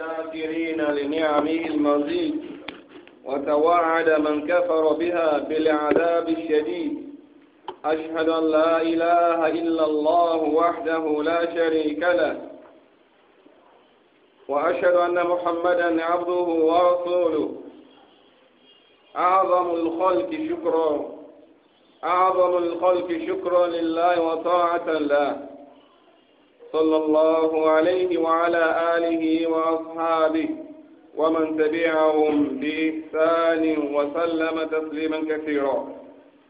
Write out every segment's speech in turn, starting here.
شاكرين لنعمه المزيد وتوعد من كفر بها بالعذاب الشديد أشهد أن لا إله إلا الله وحده لا شريك له وأشهد أن محمدا عبده ورسوله أعظم الخلق شكرا أعظم الخلق شكرا لله وطاعة له صلى الله عليه وعلى آله وأصحابه ومن تبعهم بإحسان وسلم تسليما كثيرا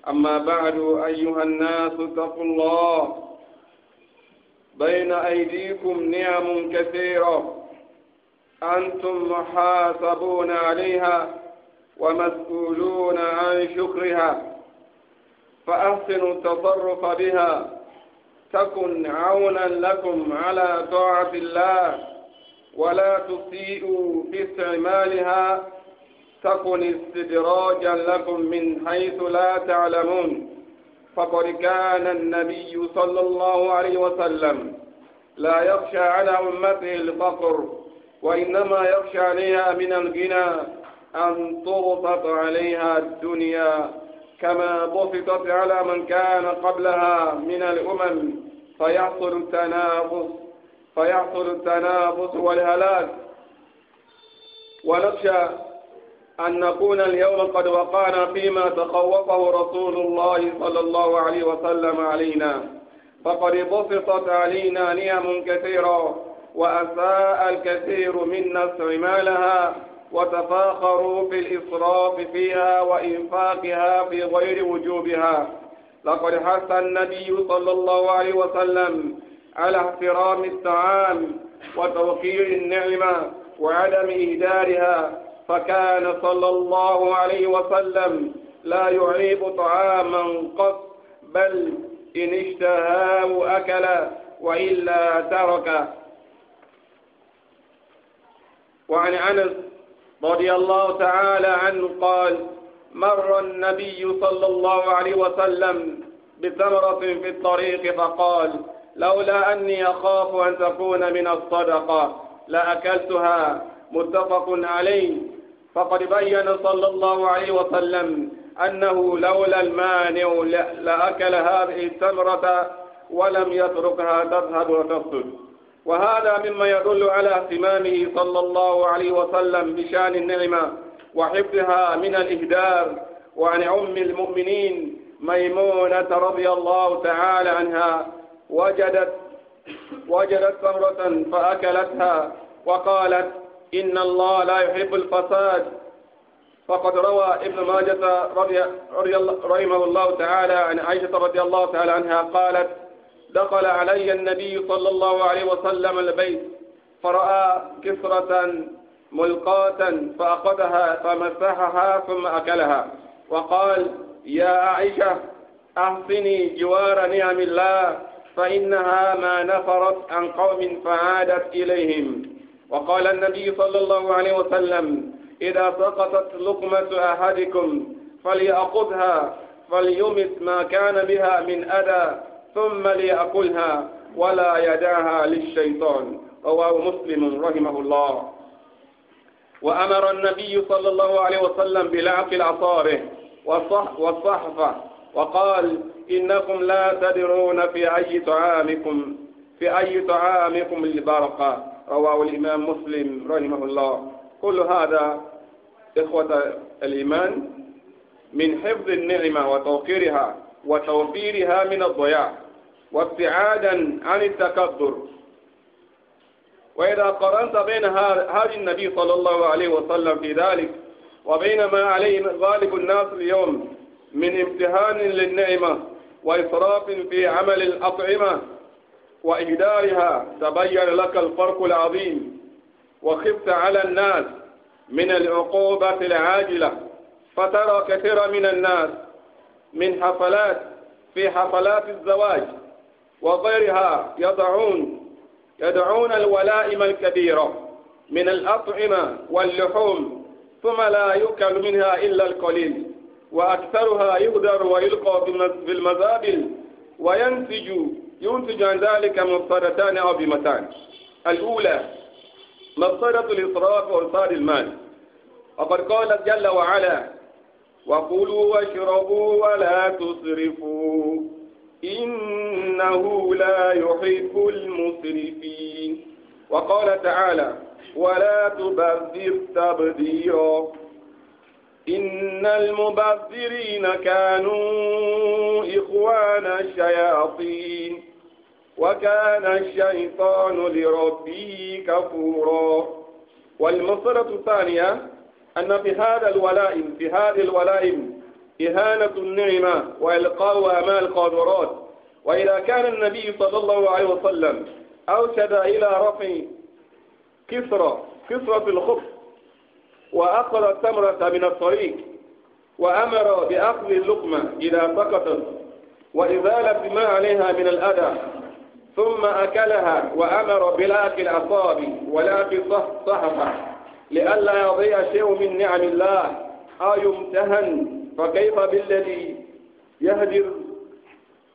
أما بعد أيها الناس اتقوا الله بين أيديكم نعم كثيرة أنتم محاسبون عليها ومسؤولون عن شكرها فأحسنوا التصرف بها تكن عونا لكم على طاعة الله ولا تسيئوا في استعمالها تكن استدراجا لكم من حيث لا تعلمون فقد كان النبي صلى الله عليه وسلم لا يخشى على أمته الفقر وإنما يخشى عليها من الغنى أن تغطت عليها الدنيا كما بسطت على من كان قبلها من الأمم فيحصل التنافس فيحصل التنافس والهلاك ونخشى أن نكون اليوم قد وقعنا فيما تخوفه رسول الله صلى الله عليه وسلم علينا فقد بسطت علينا نعم كثيرة وأساء الكثير منا استعمالها وتفاخروا في الإسراف فيها وإنفاقها في غير وجوبها لقد حث النبي صلى الله عليه وسلم على احترام الطعام وتوقير النعمة وعدم إهدارها فكان صلى الله عليه وسلم لا يعيب طعاما قط بل إن اشتهاه أكل وإلا ترك وعن أنس رضي الله تعالى عنه قال مر النبي صلى الله عليه وسلم بثمرة في الطريق فقال لولا أني أخاف أن تكون من الصدقة لأكلتها متفق عليه فقد بين صلى الله عليه وسلم أنه لولا المانع لأكل هذه الثمرة ولم يتركها تذهب وتفسد وهذا مما يدل على اهتمامه صلى الله عليه وسلم بشأن النعمة وحفظها من الإهدار وعن أم المؤمنين ميمونة رضي الله تعالى عنها وجدت وجدت ثمرة فأكلتها وقالت إن الله لا يحب الفساد فقد روى ابن ماجة رضي, رضي رحمه الله تعالى عن عائشة رضي الله تعالى عنها قالت دخل علي النبي صلى الله عليه وسلم البيت فرأى كسرة ملقاة فأخذها فمسحها ثم أكلها وقال يا عائشة أحصني جوار نعم الله فإنها ما نفرت عن قوم فعادت إليهم وقال النبي صلى الله عليه وسلم إذا سقطت لقمة أحدكم فليأخذها فليمس ما كان بها من أذى ثم ليأكلها ولا يداها للشيطان رواه مسلم رحمه الله وأمر النبي صلى الله عليه وسلم بلعق العصاره والصحفة وقال إنكم لا تدرون في أي طعامكم في أي طعامكم البرقة رواه الإمام مسلم رحمه الله كل هذا إخوة الإيمان من حفظ النعمة وتوقيرها وتوفيرها من الضياع وابتعادا عن التكبر وإذا قرنت بين هذا النبي صلى الله عليه وسلم في ذلك وبين ما عليه غالب الناس اليوم من امتهان للنعمة وإسراف في عمل الأطعمة وإهدارها تبين لك الفرق العظيم وخفت على الناس من العقوبة العاجلة فترى كثيرا من الناس من حفلات في حفلات الزواج وغيرها يضعون يدعون الولائم الكبيرة من الأطعمة واللحوم ثم لا يؤكل منها إلا القليل وأكثرها يغدر ويلقى في المزابل وينتج ينتج عن ذلك أو عظيمتان الأولى مفسدة الإصراف وإرسال المال وقد قال جل وعلا وكلوا واشربوا ولا تسرفوا إنه لا يحب المسرفين وقال تعالى ولا تبذر تبذيرا إن المبذرين كانوا إخوان الشياطين وكان الشيطان لربه كفورا والمصرة الثانية أن في هذا الولائم في هذه الولائم إهانة النعمة وإلقاء أمال القادرات وإذا كان النبي صلى الله عليه وسلم أوشد إلى رفع كسرة كسرة الخبز وأخذ التمرة من الطريق وأمر بأخذ اللقمة إذا سقطت وإزالة ما عليها من الأذى ثم أكلها وأمر بلاك ولا في صحفة لئلا يضيع شيء من نعم الله أو يمتهن فكيف بالذي يهدر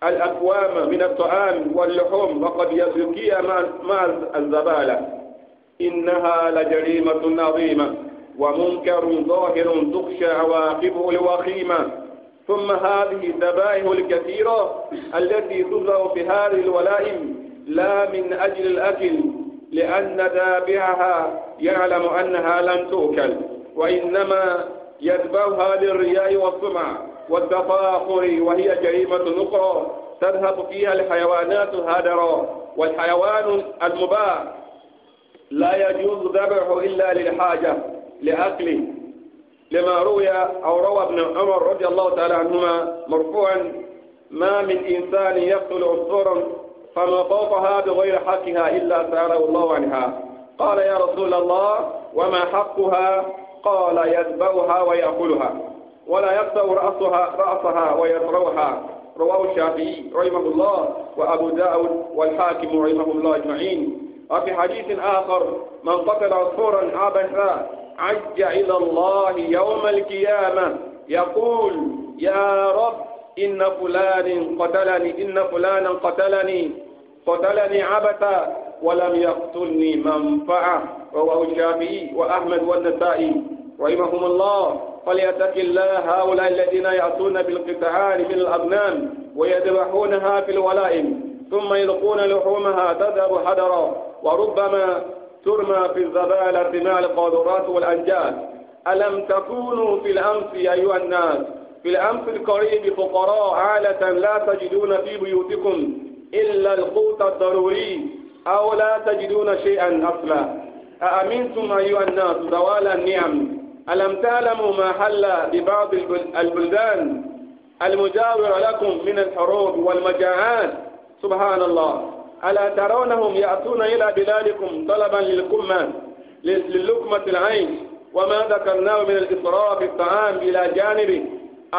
الأكوام من الطعام واللحوم وقد يزكي مع الزبالة إنها لجريمة عظيمة ومنكر ظاهر تخشى عواقبه الوخيمة ثم هذه الذبائح الكثيرة التي تزرع في هذه الولائم لا من أجل الأكل لأن ذابحها يعلم أنها لن تؤكل وإنما يتبعها للرياء والسمعة والتفاخر وهي جريمة أخرى تذهب فيها الحيوانات هادرة والحيوان المباح لا يجوز ذبحه إلا للحاجة لأكله لما روي أو روى ابن عمر رضي الله تعالى عنهما مرفوعا ما من إنسان يقتل عصفورا فما فوقها بغير حقها إلا سأله الله عنها قال يا رسول الله وما حقها قال يذبحها ويأكلها ولا يقطع رأسها رأسها ويطروها رواه الشافعي رحمه الله وأبو داود والحاكم رحمه الله أجمعين وفي حديث آخر من قتل عصفورا عبثا عج إلى الله يوم القيامة يقول يا رب إن فلان قتلني إن فلانا قتلني قتلني عبثا ولم يقتلني منفعة رواه الشافعي وأحمد والنسائي رحمهم الله فليتق الله هؤلاء الذين يأتون بالقطعان من الأبنان ويذبحونها في الولائم ثم يلقون لحومها تذهب حدرا وربما ترمى في الزبالة مع القاذورات والأنجاز ألم تكونوا في الأمس أيها الناس في الأمس القريب فقراء عالة لا تجدون في بيوتكم إلا القوت الضروري أو لا تجدون شيئا أصلا أأمنتم أيها الناس زوال النعم ألم تعلموا ما حل ببعض البلدان المجاورة لكم من الحروب والمجاعات سبحان الله ألا ترونهم يأتون إلى بلادكم طلبا للقمة للقمة العيش وما ذكرناه من الإسراف في الطعام إلى جانب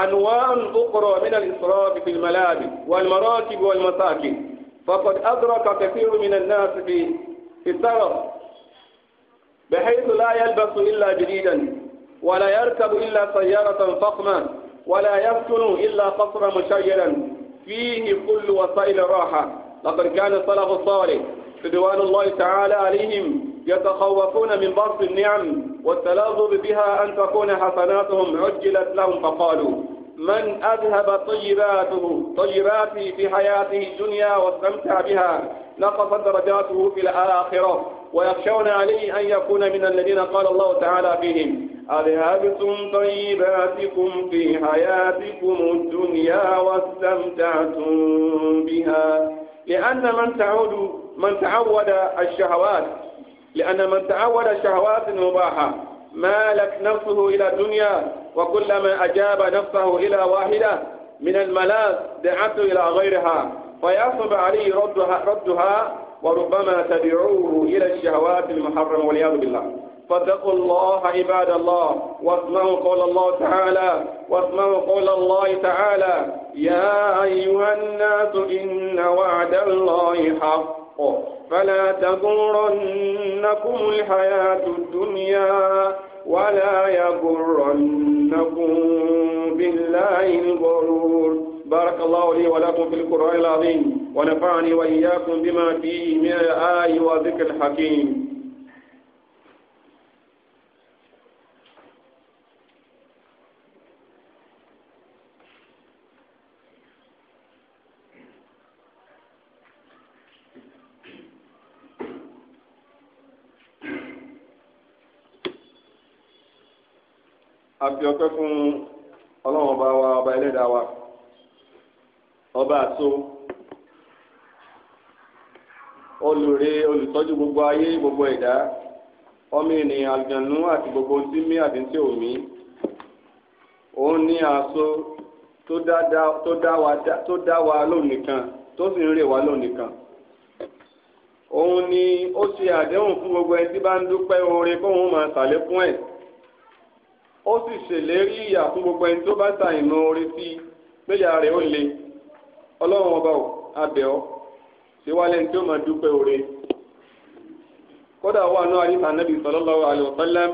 أنواع أخرى من الإسراف في الملابس والمراكب والمساكن فقد أدرك كثير من الناس في في السرف بحيث لا يلبس إلا جديدا ولا يركب إلا سيارة فخمة ولا يسكن إلا قصرا مشيرا فيه كل وسائل الراحة لقد كان صلاح الصالح رضوان الله تعالى عليهم يتخوفون من بسط النعم والتلذذ بها أن تكون حسناتهم عجلت لهم فقالوا من أذهب طيباته طيباته في حياته الدنيا واستمتع بها نقصت درجاته في الآخرة ويخشون عليه أن يكون من الذين قال الله تعالى فيهم أذهبتم طيباتكم في حياتكم الدنيا واستمتعتم بها لأن من تعود من تعود الشهوات لأن من تعود الشهوات المباحة مالك نفسه إلى الدنيا وكلما أجاب نفسه إلى واحدة من الملاذ دعته إلى غيرها فيصب عليه ردها, ردها وربما تدعوه إلى الشهوات المحرمة والعياذ بالله فاتقوا الله عباد الله واسمعوا قول الله تعالى واسمعوا قول الله تعالى يا أيها الناس إن وعد الله حق فلا تغرنكم الحياة الدنيا ولا يغرنكم بالله الغرور بارك الله لي ولكم في القرآن العظيم ونفعني وإياكم بما فيه من الآي وذكر الحكيم àfi ọpẹ́ fún Ọlọ́run ọba wa ọba ẹlẹ́dàá wa ọba àtó olùrè olùtọ́jú gbogbo ayé gbogbo ẹ̀dá ọmọ ènìyàn àlùjànnú àti gbogbo tí mí àti tí ò mí òun ní àṣọ tó dá wa lónìkan tó sì ń rè wá lónìkan òun ni ó ṣe àdéhùn fún gbogbo ẹni tí bá ń dúpẹ́ oore kóun máa ṣàlékún ẹ̀ ó sì ṣèlérí ìyà fún gbogbo ẹni tó bá ṣàìmọ̀ oore sí péyà rẹ̀ ó le ọlọ́run ọba ò abẹ́ ọ síwálẹ̀ tí ó máa dúpẹ́ oore kódà wà náà àdìsá nàbì sallallahu alaihi wasallam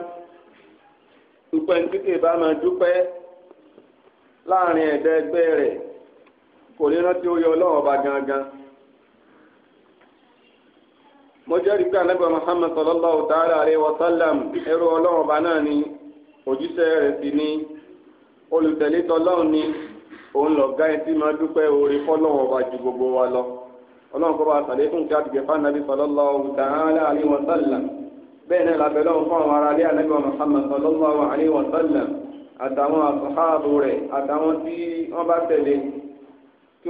dúpẹ́ ní títí ìbá máa dúpẹ́ láàrin ẹ̀dá ẹgbẹ́ rẹ̀ kò ní rántí ó yọ ọlọ́run ọba gangan mo jẹ́rìí pé anábẹ́ Muhammad sallallahu ta'ala alaihi wasallam ẹrú ọlọ́run ọba náà ni òjíṣẹ́ rẹ̀ sì ni olùtẹ̀lé tọ́lọ́run ni. òun lọ gá ẹtí máa dúpẹ́ oore fọlọ́wọ́n wa ju gbogbo wa lọ ọlọ́run kọ́ bá sàlékún kí àdìgbẹ́ fún anabi sallallahu ta'ala alaihi wa sallam bẹ́ẹ̀ náà làbẹ̀ lọ́wọ́ fún àwọn aráalé anabi muhammad sallallahu alaihi wa sallam àtàwọn àfọ̀háàbò rẹ̀ àtàwọn tí wọ́n bá tẹ̀lé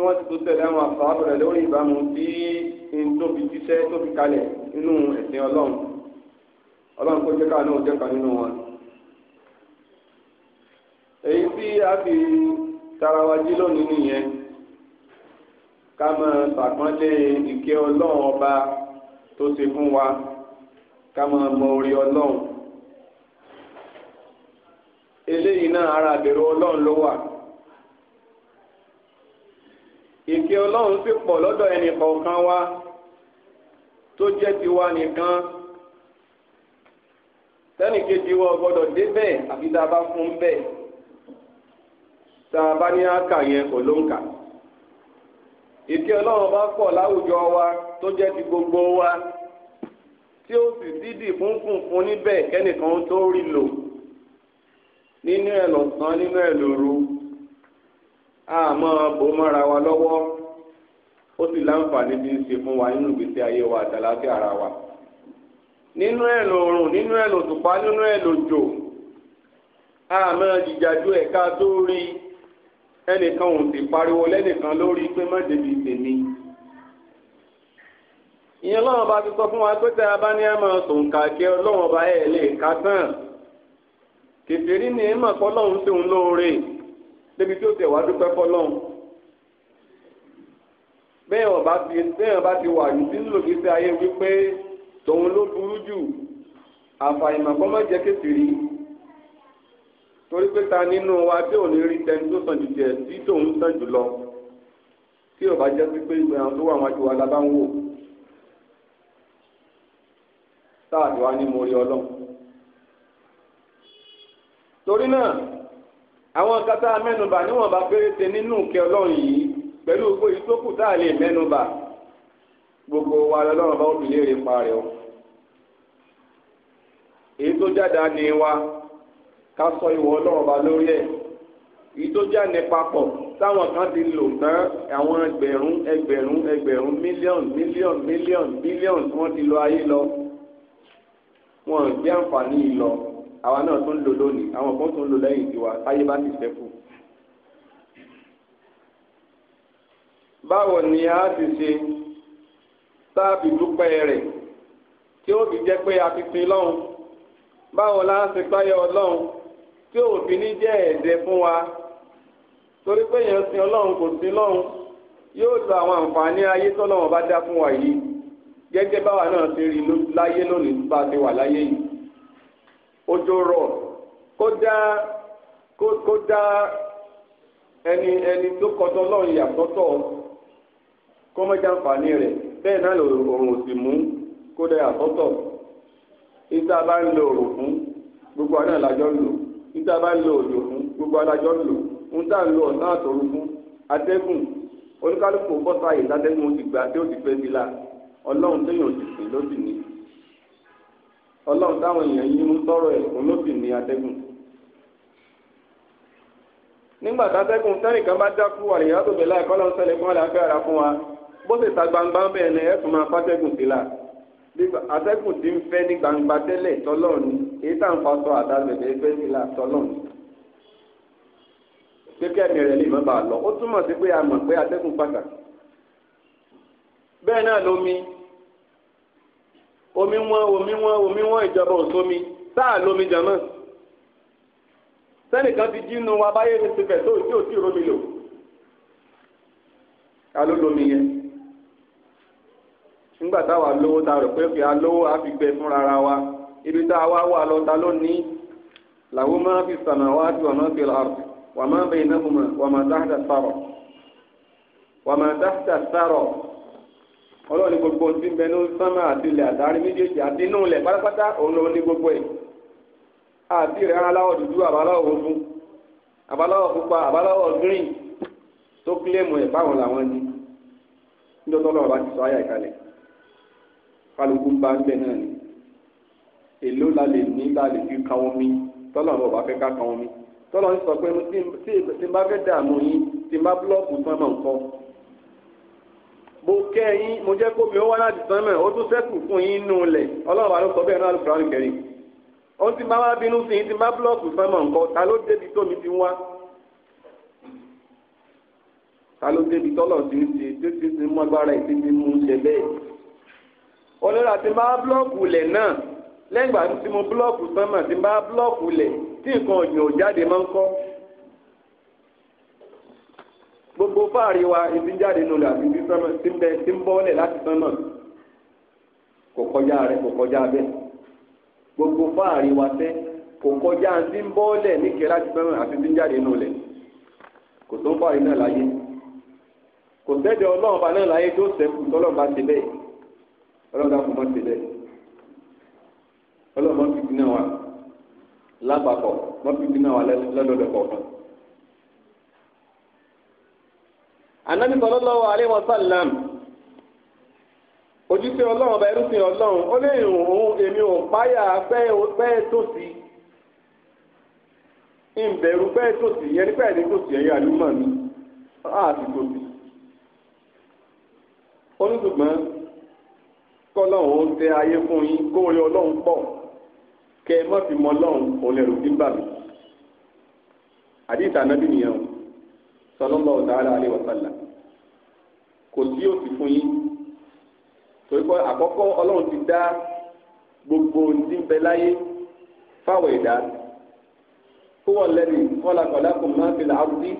wọ́n ti tó tẹ̀lé àwọn àfọ̀háàbò rẹ̀ lórí ìbámu tí n jíṣẹ́ kalẹ̀ nínú ẹ̀sìn ọlọ́run ọlọ́run kó a tarawa jí lónìí nìyẹn ká máa ṣàpọ́nlé ìkẹ́ ọlọ́run ọba tó ṣe fún wa ká máa mọ orí ọlọ́run eléyìí náà ara àbẹ̀rù ọlọ́run ló wà ìkẹ́ ọlọ́run sì pọ̀ lọ́dọ̀ ẹnì kọ̀ọ̀kan wa tó jẹ́ tiwa nìkan sẹ́nìkejì wa gbọ́dọ̀ débẹ̀ àfi tá a bá fún bẹ́ẹ̀ tá a bá ní àkà yẹn kò ló ń kà ìkẹ́ ọlọ́run bá pọ̀ láwùjọ wa tó jẹ́ ti gbogbo wa tí ó sì dídì fúnfún fún níbẹ̀ kẹ́nìkan tó rí lò nínú ẹ̀ lọ́sàn-án nínú ẹ̀ lóru àmọ́ bò mọ́ra wa lọ́wọ́ ó sì láǹfààní bí ń ṣe fún wa nínú ìgbésí ayé wa àtàlàfíà ara wa nínú ẹ̀ lòrùn nínú ẹ̀ lòtùpá nínú ẹ̀ lòjò àmọ́ jìjàdú ẹ̀ka tó rí i ẹnìkan ò sì pariwo lẹ́nìkan lórí pé má débi tèmi ìyẹn lọ́wọ́n bá ti sọ fún wa pé tẹ́ a bá ní ẹ máa sùn kàkẹ́ ọlọ́wọ́n bá ẹ̀ lè ká tán kèfèrí ni ẹ máa fọlọ́hún sí òun lóore débi tí ó tẹ̀ wá dúpẹ́ fọlọ́hún bẹ́ẹ̀ ọba ti bẹ́ẹ̀ ọba ti wà ní sínú lòdì sí ayé wípé tòun ló burú jù àfàìmọ̀ kọ́ má jẹ́ kèfèrí torí pé ta nínú wa tí ò ní rí tẹni tó sàn jùjẹ tí tòun sàn jùlọ tí ò bá jẹ́ sí pé ìgbà tó wà wájú wa la bá ń wò táàdì wa ní mo rí ọlọ́run torí náà àwọn kata mẹ́nubà níwọ̀nba péréte nínú ìkẹ́ ọlọ́run yìí pẹ̀lú gbogbo ìtókù tá a lè mẹ́nubà gbogbo wa lọ́lọ́run bá ó fi léèrè pa rẹ̀ o èyí tó jáde á ní wa ká sọ ìwọ ọlọ́run ba lórí ẹ̀ èyí tó jẹ́ ànípapọ̀ táwọn kan ti lò tán àwọn ẹgbẹ̀rún ẹgbẹ̀rún ẹgbẹ̀rún mílíọ̀nù mílíọ̀nù mílíọ̀nù bílíọ̀nù tí wọ́n ti lọ ayé lọ wọn gbé àǹfààní yìí lọ àwa náà tó ń lò lónìí àwọn kan tó ń lò lẹ́yìn tiwa táyé bá ti ṣẹ́kù. báwo ni a ti ṣe tá a fi dúpẹ́ rẹ̀ tí ó fi jẹ́ pé a fi sin lọ́hùn báwo la ṣe páyọ̀ ọlọ́hùn tí òfin ní jẹ́ ẹ̀dẹ fún wa torí pé èèyàn sin ọlọ́run kò sin lọ́run yóò lo àwọn àǹfààní ayé tọ́lọ́run bá dá fún wa yìí gẹ́gẹ́ báwa náà ti rí láyé lónìí bá a ti wà láyé yìí òjò rọ̀ kó dá kó dá ẹni ẹni tó kọtọ́ lọ́run yàtọ̀tọ̀ kó mọ́jà àǹfààní rẹ̀ bẹ́ẹ̀ náà lò òrùn ò sì mú kó dá yàtọ̀tọ̀ ìta bá ń lo òrùn fún gbogbo àná làjọ ń lò níta bá ń lo òjò fún gbogbo adájọ́ ń lò níta ń lo ọ̀sán àtòru fún atẹ́gùn oníkálukú bọ́tà ìdádẹ́gùn ó ti gbà tí ó ti fẹ́ sí la ọlọ́run téèyàn ti sìn ló sì ní ọlọ́run táwọn èèyàn yín ń sọ̀rọ̀ ẹ̀kún ló sì ní atẹ́gùn. nígbà tátẹ́gùn sẹ́nìkan bá dákú àríyá tó bẹ̀ láì kọ́lọ́ sẹ́lẹ̀ fún àlàáfíà ara fún wa bó ṣe ta gbangba bẹ́ẹ̀ ni ẹ̀ tún máa fátẹ́gùn sí la atẹ́gùn ti ń fẹ́ ní gbangba tẹ́lẹ̀ tọ́lọ́run èyí tá à ń fa sọ àdágbẹ̀dẹ̀ pé ìlà tọ́lọ̀ pé kẹ́mi rẹ̀ lè má bàa lọ ó túmọ̀ sí pé a mọ̀ pé atẹ́gùn pàtàkì bẹ́ẹ̀ náà lomi omi wọn omi wọn omi wọn ìjọba òsomi sáà lomi jàmọ́ sẹ́nìkan ti jí nu abáyé ní ti fẹ̀ tó tí ò tí ì lò ká ló lomi yẹn nígbà táwa lówó ta rò pé kí a lówó a fi gbẹ fúnra wa ibi tá a wá wà lọ́ta lónìí làwọn máa fi sàmà wá ju ọ̀nà fi lọ àrùn wà máa bẹ̀yìn náà mọ̀ wà máa dáhàtà sárọ̀ wà máa dáhàtà sárọ̀ ọlọ́ọ̀ni gbogbo ti ń bẹ ní sánmà àti ilẹ̀ àtàrí méjèèjì àti inú ilẹ̀ pátápátá òun ló ní gbogbo ẹ̀ àti ìrẹ́ aláwọ̀ dúdú àbáláwọ̀ funfun àbáláwọ̀ pupa àbáláwọ̀ green tó kílẹ̀mù ẹ̀ báwọn làwọn ni nítorí ọlọ́run bá ti sọ ayà ìkàlẹ̀ kálukú bá ń bẹ náà ni èló la lè ní la lè fi ka omi tọ́lọ̀ bọ̀ bá fẹ́ ká ka omi tọ́lọ̀ ń sọ pé tí n bá fẹ́ dààmú yín tí n bá búlọ́ọ̀kù sánmọ̀ nǹkan mo kẹ́ yín mo jẹ́ kó mi ó wá láti sánmọ̀ ó tún sẹ́kù fún yín nù lẹ̀ ọlọ́run àlọ́ sọ bẹ́ẹ̀ náà alukùránì kẹrin ó ti máa wá bínú sí yín tí n bá búlọ́ọ̀kù sánmọ̀ nǹkan ta ló débi tómi ti wá ta ló débi tọ́lọ̀ ti ń ṣe tí ti ti mú lẹ́yìn ìgbà tí mo búlọ́ọ̀kù sánmà tí n bá búlọ́ọ̀kù lẹ̀ tí nǹkan ọ̀gbìn ò jáde máa ń kọ́ gbogbo fáàrí wa ibi ń jáde nù làbí ibi sánmà tí ń bẹ tí ń bọ́ọ̀lẹ̀ láti sánmà kò kọjá rẹ kò kọjá bẹ́ẹ̀ gbogbo fáàrí wa tẹ́ kò kọjá tí ń bọ́ọ̀lẹ̀ níkẹ́ láti sánmà àti tí ń jáde nù lẹ̀ kò tó ń fáàrí náà láyé kò sẹ́dẹ̀ ọlọ́run bá náà láyé tó sẹ́kù tọ́lọ́ ọlọ́mọ fìdí náà wà lápapọ̀ mọ́ fìdí náà wà lọ́dọọdọ kọ̀ọ̀kan. anabi sallallahu alaihi wasallam ojúṣe ọlọ́run ọba ẹrúsìn ọlọ́run ó lè rùn òun èmi ò páyà pẹ́ẹ́ tòsí ìbẹ̀rù pẹ́ẹ́ tòsí yẹn ní pẹ́ẹ́ ní tòsí ẹ̀yà àlùmọ̀ mi àti tòsí. oníṣùgbọ́n kọ́lọ́run ó tẹ ayé fún yín kóore ọlọ́run pọ̀ kẹ ẹ mọ́fì mọ́ lọ́hùn òun lẹ́rù tí ń bà mí àdìsá anábì nìyẹn o sallallahu ta'ala alaihi wa sallam kò sí òsì fún yín torí pé àkọ́kọ́ ọlọ́run ti dá gbogbo ti ń bẹ láyé fáwọn ẹ̀dá huwa alladhi khalaqa lakum ma fil ardi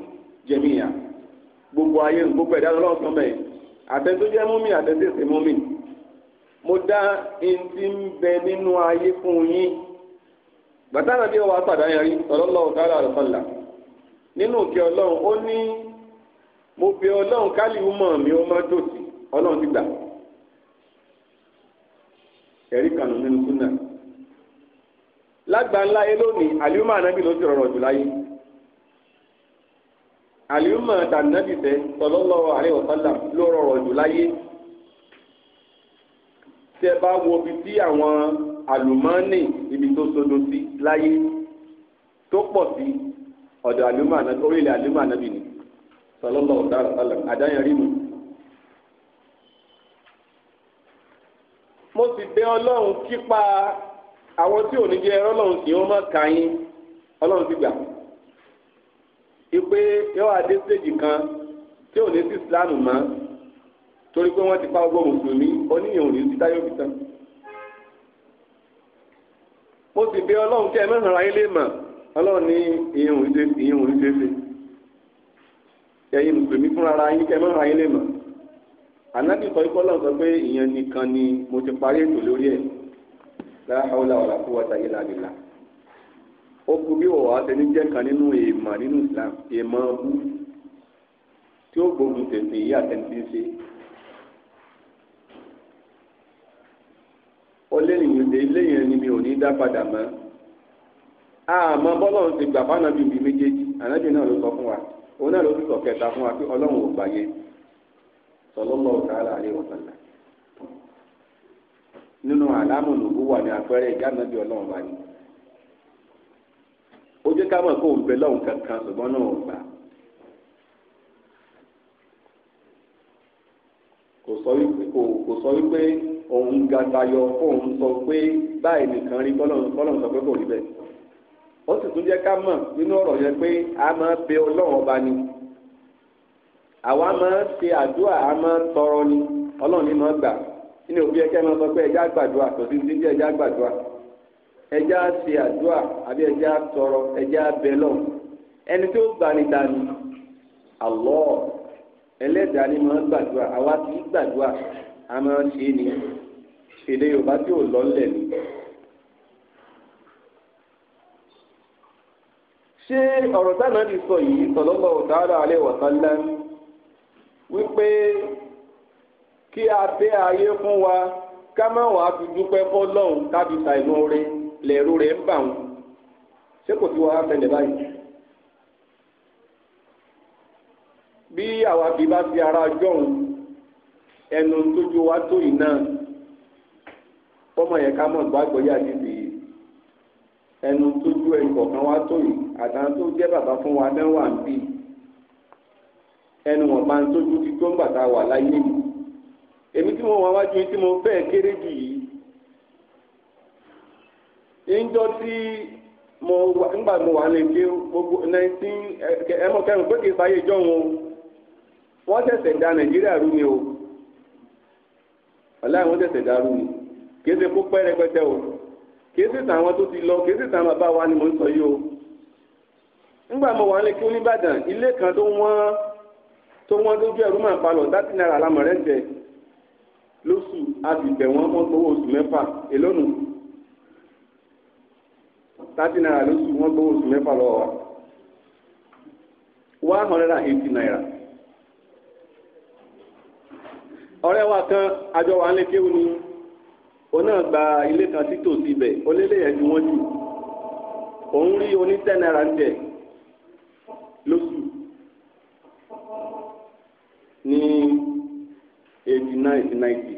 jami'a gbogbo ayé gbogbo ẹ̀dá ọlọ́run sọ mẹ́ẹ̀ àtẹ̀tọ́jẹ́ mú mi àtẹ̀tẹ̀sẹ̀ mú mi mo dá ẹni ń bẹ nínú ayé fún yín. bàtà nàbí ọwọ́ àtàdáyẹrí sallallahu ta'ala alaihi wasallam nínú òkè ọlọ́run ó ní mo bẹ ọlọ́run káliwú mọ̀ mi ó má dòtí ọlọ́run ti gbà ẹ̀rí kanu nínú súnà lágbàńlá yé lónìí àlùmọ́ ànábì ló ti rọrọ̀ jù láyé àlùmọ́ tànàbì tẹ sallallahu alaihi ló rọrọ̀ jù láyé tẹ bá wo tí àlùmọ́ọ́nì ibi tó sodo sí láyé tó pọ̀ sí ọ̀dọ̀ àlùmọ́ ànábì orílẹ̀ àlùmọ́ ànábì ni sọlọ́lọ́ ọ̀dára sálẹ̀ àdáyẹ̀rí mu. mo sì bẹ ọlọ́run kípa àwọn tí ò ní jẹ́ ẹ̀rọ ọlọ́run sì wọ́n má ka yín ọlọ́run ti gbà ipe yọ adé stage kan tí ò ní sí Islam mọ́ torí pé wọ́n ti pa ọgbọ́n mùsùlùmí oníyàn ò ní sí táyọ̀ fi mo sì bẹ ọlọ́run kí ẹ mẹ́rin ayé lè mà ọlọ́run ní ìyẹn ò ní ṣeéṣe ẹ̀yin mùsùlùmí fúnra ara yín kí ẹ mẹ́rin ayé lè mà ànábì sọ ikọ́ lọ́n sọ pé ìyẹn nìkan ni mo ti parí ètò lórí ẹ̀ la hawla wala quwwata illa billah ó kú bí wọ́n wá sẹ́ni jẹ́ kan nínú èèmọ̀ nínú Islam èèmọ̀ bú tí ó gbógun tẹ̀sí ìyá àtẹ̀ntì ṣe ó léyìn léyìn ni mi ò ní dá padà a àmọ́ bọ́lọ̀ ń ti gbà fún anábì bíi méjèèjì anábì náà ló sọ fún wa òun náà ló sì sọ kẹta fún wa pé ọlọ́run ò gbà yẹ sallallahu ta'ala alaihi nínú àlámù kò sọ wípé sọ òun ga tayọ òun sọ pé báyìí nìkan rí kọ́lọ́run sọ pé kò rí bẹ́ẹ̀ ó sì tún jẹ́ ká mọ̀ nínú ọ̀rọ̀ yẹn pé a máa bẹ ọlọ́run ọba ni àwa máa ṣe àdúrà a máa tọrọ ni ọlọ́run ni máa gbà nínú òbí ẹkẹ́ máa sọ pé ẹja gbàdúrà kò sí sí ẹja gbàdúrà ẹja ṣe àdúrà àbí ẹja tọrọ ẹja bẹ lọ ẹni tó gbani dani Allah ẹlẹ́dàá ni máa ń gbàdúrà àwa kì í gbàdúrà a máa ń ṣe ni èdè yorùbá tí ò lọ́lẹ̀ ni. ṣé ọ̀rọ̀ táwọn náà ti sọ yìí sallallahu ta'ala alaihi wa sallam wípé kí a bẹ́ ayé fún wa ká má wàá fi dúpẹ́ fọ́lọ́hún ká fi ṣàìmọ́ rẹ lẹ́rú rẹ̀ ń bà wọ́n ṣé kò sí wàá fẹlẹ̀ báyìí. bí àwa bí bá fi ara jọ̀hún ẹnu tójú wa tó yìí náà yẹn ká mọ̀ gbàgbọ́ yá níbi ẹnu tójú kan wá tó yìí àtàn tó jẹ́ bàbá fún wa náà wà ń bì ẹnu wọn bá ń tójú ti tó ń bàtà wà láyé èmi tí mo wájú tí mo fẹ́ kéré jù yìí tí mo nígbà mo wà lè gbogbo nineteen ẹ kẹrin pé kì í wọ́n ṣẹ̀ṣẹ̀ da nàìjíríà rú ni o aláì wọ́n ṣẹ̀ṣẹ̀ da rú ni kìí ṣe kó pẹ́ rẹpẹtẹ o kìí ṣe tàwọn tó ti lọ kìí ṣe tàwọn bàbá wa ni mò ń sọ yìí o ńgbà mo wà nílé kí oníbàdàn ilé kan tó wọ́n tó wọ́n lójú ẹ̀rú máa palọ̀ láti náírà lámọ̀rẹ́ lóṣù àbìbẹ̀ wọn wọ́n gbowó oṣù mẹ́fà èlónù thirty naira lóṣù wọ́n gbowó oṣù mẹ́fà lọ́wọ́ one hundred and eighty naira ọ̀rẹ́ wa kan àjọ wa lé kéwù ni òun náà gba ilé kan sí tòsí ibẹ̀ onílé yẹn ju wọ́n jù òun rí oní ten naira jẹ lóṣù ní eighty nine to ninety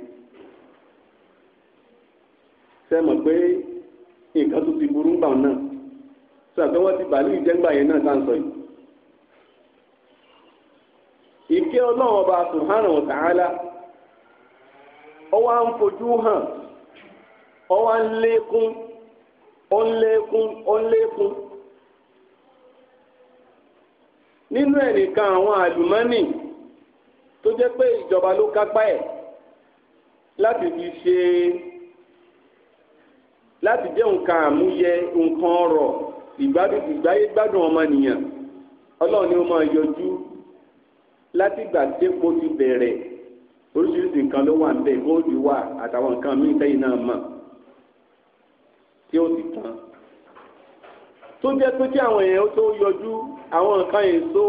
sẹ́mọ̀ pé nǹkan tó ti burú gbà náà sọ àti ti bàálù ìjẹ́ngbà yẹn náà sáà ń sọ yìí. ìké ọlọ́run ọba subhanahu wa ta'ala ó wá ń fojú hàn ó wá ń lékún ó ń lékún ó ń lékún nínú ẹ̀ nìkan àwọn àlùmọ́nì tó jẹ́ pé ìjọba ló kápá ẹ̀ láti fi ṣe láti jẹ́ nǹkan àmúyẹ nǹkan ọ̀rọ̀ ìgbáyé gbádùn ọmọnìyàn ọlọ́run ó máa yọjú látìgbà tí epo ti bẹ̀rẹ̀ oríṣiríṣi nǹkan ló wà níbẹ̀ góòlù wà àtàwọn nǹkan míì tẹ́yìn náà mọ̀ tí ó sì tán tó jẹ́ pé kí àwọn èèyàn tó yọjú àwọn nǹkan èso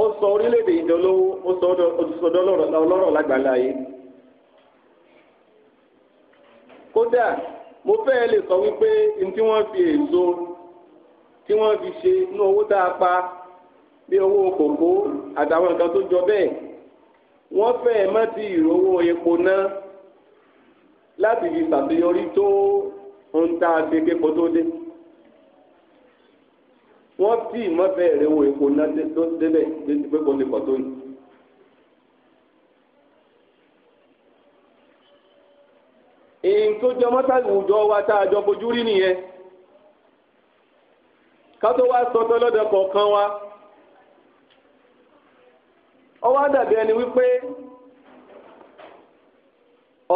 ó sọ orílẹ̀-èdè ìdánlówó ó sọ ọdọ ọlọ́rọ̀ lágbàláyé kódà mo fẹ́ lè sọ wípé ní tí wọ́n fi èso tí wọ́n fi ṣe inú owó tá a pa bí owó kòkó àtàwọn nǹkan tó jọ bẹ́ẹ̀ wọ́n fẹ́ẹ̀ má ti ìrówó epo ná láti fi ṣàṣeyọrí tó ń ta a képo tó dé wọ́n tì má fẹ́ẹ̀ epo ná tó débẹ̀ pé lè pọ̀ tó yìí. èyí tó wa jọ rí nìyẹn ká tó wá sọ ọwọ́ àdàbí ẹni wípé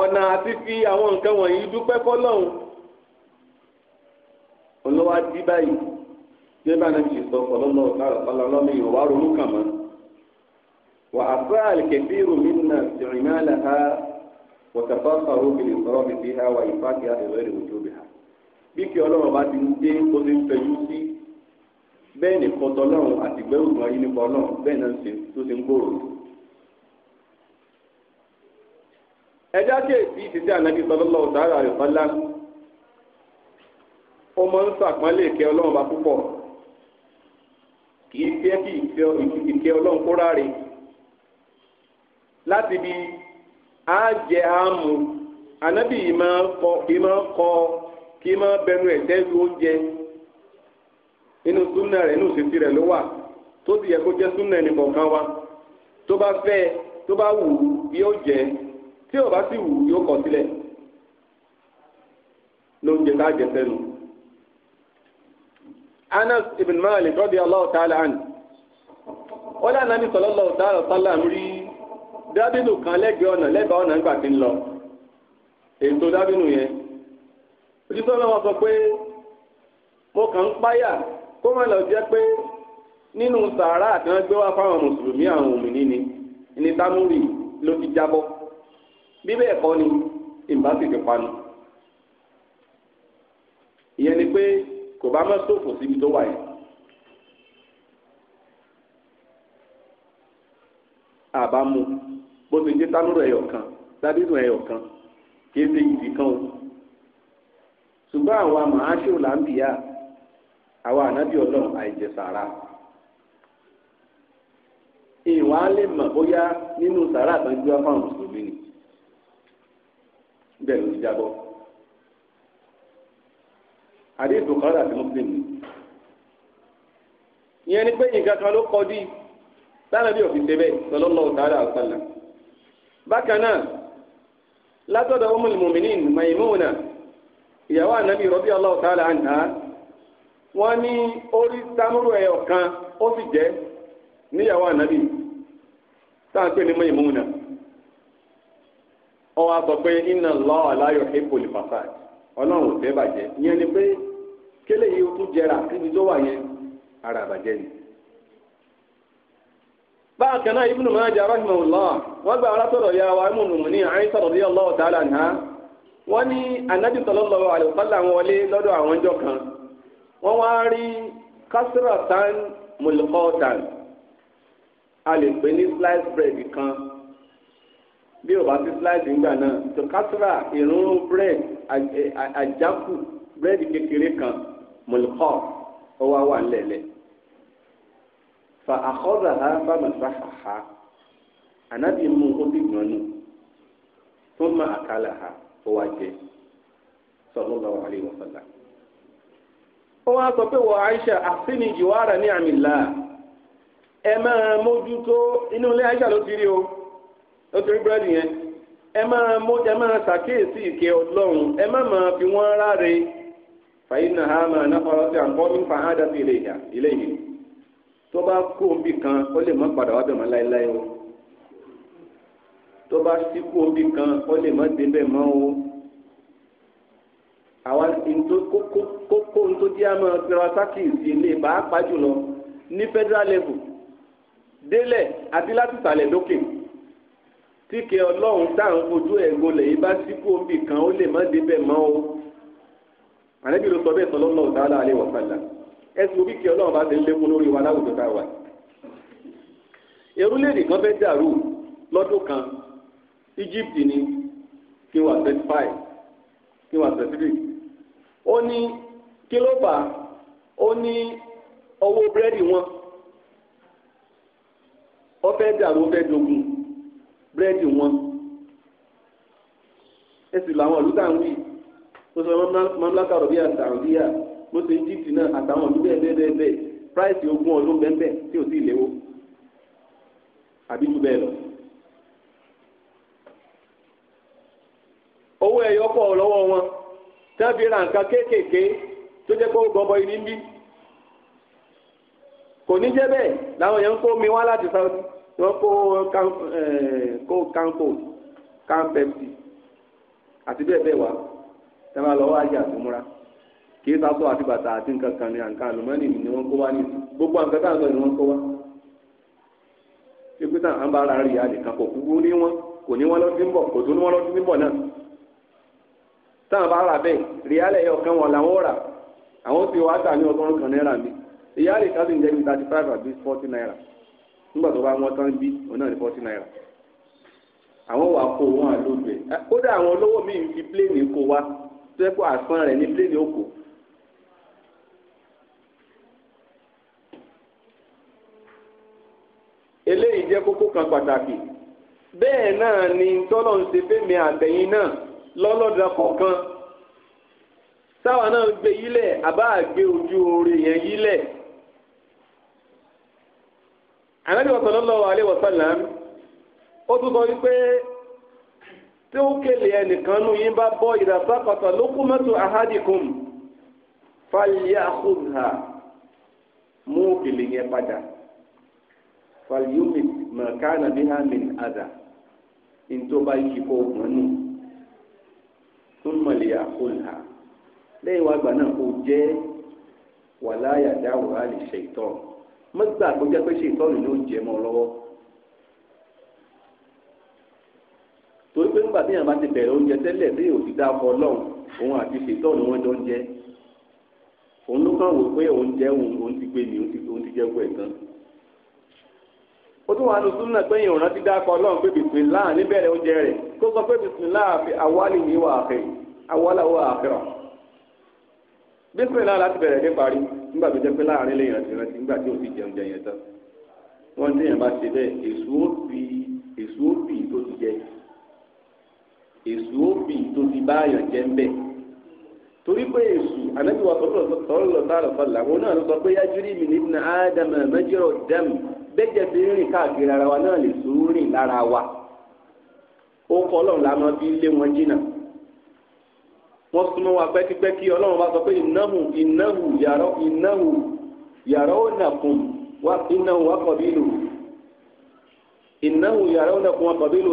ọ̀nà àti fi àwọn nǹkan wọ̀nyí dúpẹ́ fọlọ́hún olówó adi báyìí bí ẹbí àná ti sọ fọlọ́nà ọ̀làlọ́mọ èèyàn wà ronú kàn mọ́ wà á fẹ́ àlìkẹ́bí rùmínà tìrìnà làhá wọ̀tàfàfàró ha wà ìfáàkì àbẹ̀wẹ̀ òjò ha. bí kí ọlọ́run bá ti ń dé ti bẹ́ẹ̀ ni kọtọ lọ́rùn àti ayé nípa náà bẹ́ẹ̀ náà tó ti ń gbòòrò. ẹjá kéèsì ìṣiṣẹ́ ànábì sallallahu ta'ala rẹ̀ wasallam ó máa ń ṣàpọ́nlé ìkẹ́ ọlọ́run bá púpọ̀ kì í fẹ́ kí ìkẹ́ ọlọ́run kó ráre láti àmú ànábì yìí kọ kí máa bẹnu ẹ̀ tẹ́lu oúnjẹ inú súnà rẹ inú òṣèṣì rẹ̀ ló wà tó sì yẹ kó jẹ́ súnà kọ̀ọ̀kan wa tó bá fẹ́ tó bá wù yóò jẹ́ tí ò bá sì wù yóò kọ̀ sílẹ̀ Anas ibn Malik radiyallahu ta'ala anhu wọ́n lé ànábì sallallahu ta'ala sallam rí dábìnù kan lẹ́gbẹ̀ẹ́ ọ̀nà lẹ́gbẹ̀ẹ́ ọ̀nà nígbà tí ń lọ ètò dábìnù yẹn ọlọ́wọ́ sọ pé mo kàn ń páyà kó má lọ jẹ́ pé nínú sàárà àti wọn gbé wá fáwọn mùsùlùmí àwọn òmìnir ni ní támúrì ló ti jábọ́ bí bẹ́ẹ̀ ni ìbá panu ìyẹn ni pé kò bá má ṣòfò síbi tó wà yìí. àbámu bó ti jẹ́ tánúrò ẹ̀yọ̀ kan sádínù ẹ̀yọ̀ kan kí ẹ ṣe ìdí kan o ṣùgbọ́n àwọn àmọ́ aṣèwò là ń awa ànábì ọlọ́run àìjẹsàrà ìwọ̀n á lè mọ̀ bóyá nínú sàrà tó gbé ọkọ̀ àwọn ni bẹ́ẹ̀ ló ti jábọ́ àdéhùn kan láti ni pé nǹkan kan ló kọ́ dí bí òfin tẹ́bẹ̀ sallallahu ta'ala alaihi wasallam bákan náà látọ̀dọ̀ ìyàwó wọ́n ní orí tamuru ẹyọ kan ó sì jẹ́ níyàwó ànábì táwọn ní Maimuna ó wá sọ pé inna Allaha la yuhibbul fasad ọlọ́run ò fẹ́ bàjẹ́ ìyẹn ni pé kélé yìí ó tún jẹrà síbi tó wà yẹn ara àbàjẹ́ ni. wọ́n gba ya wa imú nùmù ní Aisha radiyallahu ta'ala wọ́n ní wọlé lọ́dọ̀ àwọn ọjọ́ kan wọ́n wá rí kásírọ̀tàn mùlùkọ́tàn a lè pè ní slice bread kan bí o bá ti slice nígbà náà tó kásírà ìrúnrún bread àjákù bread kékeré kan mùlùkọ́ ó wá wà lẹ́lẹ̀ fa àkọ́dà ha bá màsá ha ànábì mú ó ti yàn nù tó má àkàlà ha ó wá jẹ sallallahu alaihi wasallam. ó wá sọ pé wọ Aisha àfínì jìwára ní ẹ máa mójútó inú ilé Aisha ló ti rí o ló ti rí búrẹ́dì yẹn ẹ máa mú ẹ máa ṣàkíyèsí ìkẹ́ ọlọ́run ẹ má máa fi wọ́n ráre fàyínà ha máa náfọ̀rọ̀ sí àǹkọ́ mi fà á dàbí ilé yìí tó bá kó omi kan ó lè má padà wá láéláé o tó bá sí kó omi kan àwọn kókó tó jẹ́ àmọ́ pẹ̀rọ̀tákì ilé pàápàá jùlọ ní federal level délẹ̀ àti láti sàlẹ̀ lókè tí kẹ ọlọ́run tá à ń fojú ẹ̀ gbolẹ̀ yìí bá sí kó omi kan ó lè má débẹ̀ mọ́ o ànábì ló sọ bẹ́ẹ̀ sallallahu ta'ala alaihi wa sallam ẹ̀sùn omi kẹ ọlọ́run bá ti ń lékún lórí wa láwùjọ tá a wà. erúlẹ̀dì kan fẹ́ dàrú lọ́dún kan Egypt ni kí wà thirty kí wà thirty ó ní kí ló fà á ó ní owó búrẹ́dì wọn ó fẹ́ dàrú ó fẹ́ dogun búrẹ́dì wọn èsì làwọn ìlú táwọn wí mo sọ mamlaka rọ̀bí àtàrọ̀bíà mo sọ Egypt náà àtàwọn ìlú bẹ́ẹ̀ bẹ́ẹ̀ bẹ́ẹ̀ price ogún ọdún bẹ́ẹ̀ bẹ́ẹ̀ tí ò sí ìléwó àbí bẹ́ẹ̀ lọ. owó ẹ̀yọ́ lọ́wọ́ wọn. tẹ́bi ra nǹkan kéékèèké tó jẹ́ kó gbọ́bọ ibi bí kò ní jẹ́ bẹ́ẹ̀ làwọn èèyàn ń kó mi wá láti Saudi wọ́n kó eh, kó kanko àti bẹ́ẹ̀ bẹ́ẹ̀ wá tẹ́wọ́n lọ́wọ́ ayé àtúmúra kì í sasọ àti bàtà àti nǹkan kan ní àǹkà gbogbo àǹkà sọ ni wọ́n kó wá ṣé pé bá ara rí ìyá nìkan táwọn bá rà bẹ́ẹ̀ ríálẹ̀ yọ kan wọn làwọn rà àwọn ti wá tà ní ọgọ́rùn kan náírà mi ríálẹ̀ kan sì ń jẹ́ bí thirty five àbí forty naira nígbà tó bá wọ́n tán bí òun náà ní forty naira àwọn wà kó wọn àlóògbé kódà àwọn olówó mi fi pléènì kó wa tó yẹ kó àsán rẹ̀ ní pléènì òkò eléyìí jẹ́ kókó kan pàtàkì bẹ́ẹ̀ náà ni tọ́lọ́ ń ṣe fẹ́mi àtẹ̀yìn náà lọ́lọ́dà kọ̀ọ̀kan sáwa náà gbé yílẹ̀ àbá àgbé ojú oore yẹn yílẹ̀ Ànábì sallallahu alaihi wasallam ó tún sọ wípé tí ó kele ẹnìkan nù yín bá bọ́ ìdàsápàtà luqmatu ahadikum falyakhudha mú òkèlè yẹn padà falyumit ma kana biha min adha bá yí kó wọn nù. súnmọ̀lẹ́yà kólà lẹ́yìn wá gbà náà kó jẹ́ wàláyà dáwọ̀ á lè ṣe ìtọ́ mọ́gbà tó jẹ́ pé ṣe ìtọ́ rẹ̀ jẹ mọ́ torí pé nígbà bá ti bẹ̀rẹ̀ oúnjẹ tẹ́lẹ̀ yóò ti dá ọkọ ọlọ́run òun àti ni wọ́n jọ ń jẹ òun ó tún wàá lùsùn náà gbẹ̀yìn òun rántí dákọ̀ ọlọ́run pé bisimilá níbẹ̀rẹ̀ oúnjẹ rẹ̀ kó sọ pé bisimilá awálì ní wà àfẹ́ awálà wà àfẹ́ràn bisimilá láti bẹ̀rẹ̀ dé parí nígbà tó jẹ́ pé láàrin lè yàn ti rántí nígbà tí ó ti jẹun jẹ yẹn tán wọ́n ti yàn bá ṣe bẹ́ẹ̀ èso òbí èso òbí tó ti jẹ èso òbí tó ti bá yàn jẹ ń bẹ̀ torí pé èso ànábìwà tọ́lọ̀ tọ́lọ̀ tọ́lọ̀ tọ́lọ̀ làwọn náà lọ sọ pé yájú rí mi ní bẹ́jẹ̀ ti rìn káàkiri ara wa náà lè sùúrù rìn lára wa ó kọ́ ọlọ́run la máa fi lé wọn jìnnà wọ́n súnmọ́ wa pẹ́kípẹ́kí ọlọ́run bá sọ pé ìnáhù ìnáhù yàrá ìnáhù yàrá ó nàkùn wá wá kọ̀ bílù yàrá ó nàkùn wá kọ̀ bílù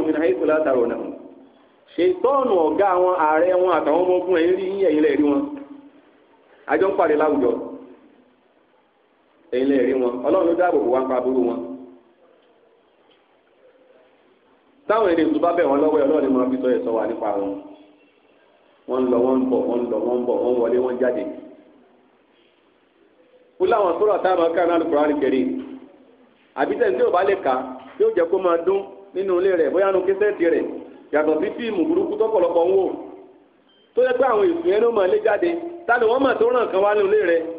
ṣètọ́ọ̀nù ọ̀gá wọn ààrẹ wọn àtàwọn ọmọ ogun ẹ̀yin lè rí wọn ọlọ́run ló dáàbò bò wá pa burú wọn. táwọn èdè tó bá bẹ̀ wọ́n lọ́wọ́ ọlọ́run máa fi sọ wà nípa wọn. lọ wọ́n ń bọ̀ wọ́n ń lọ wọ́n ń bọ̀ wọ́n ń wọlé wọ́n jáde. fún ka sọ̀rọ̀ táwọn náà lùkọ́ kẹrì. ò bá lè kà jẹ́ kó máa dún nínú ilé rẹ̀ bóyá nu rẹ̀ yàtọ̀ sí fíìmù burúkú tọ́pọ̀lọpọ̀ ń wò tó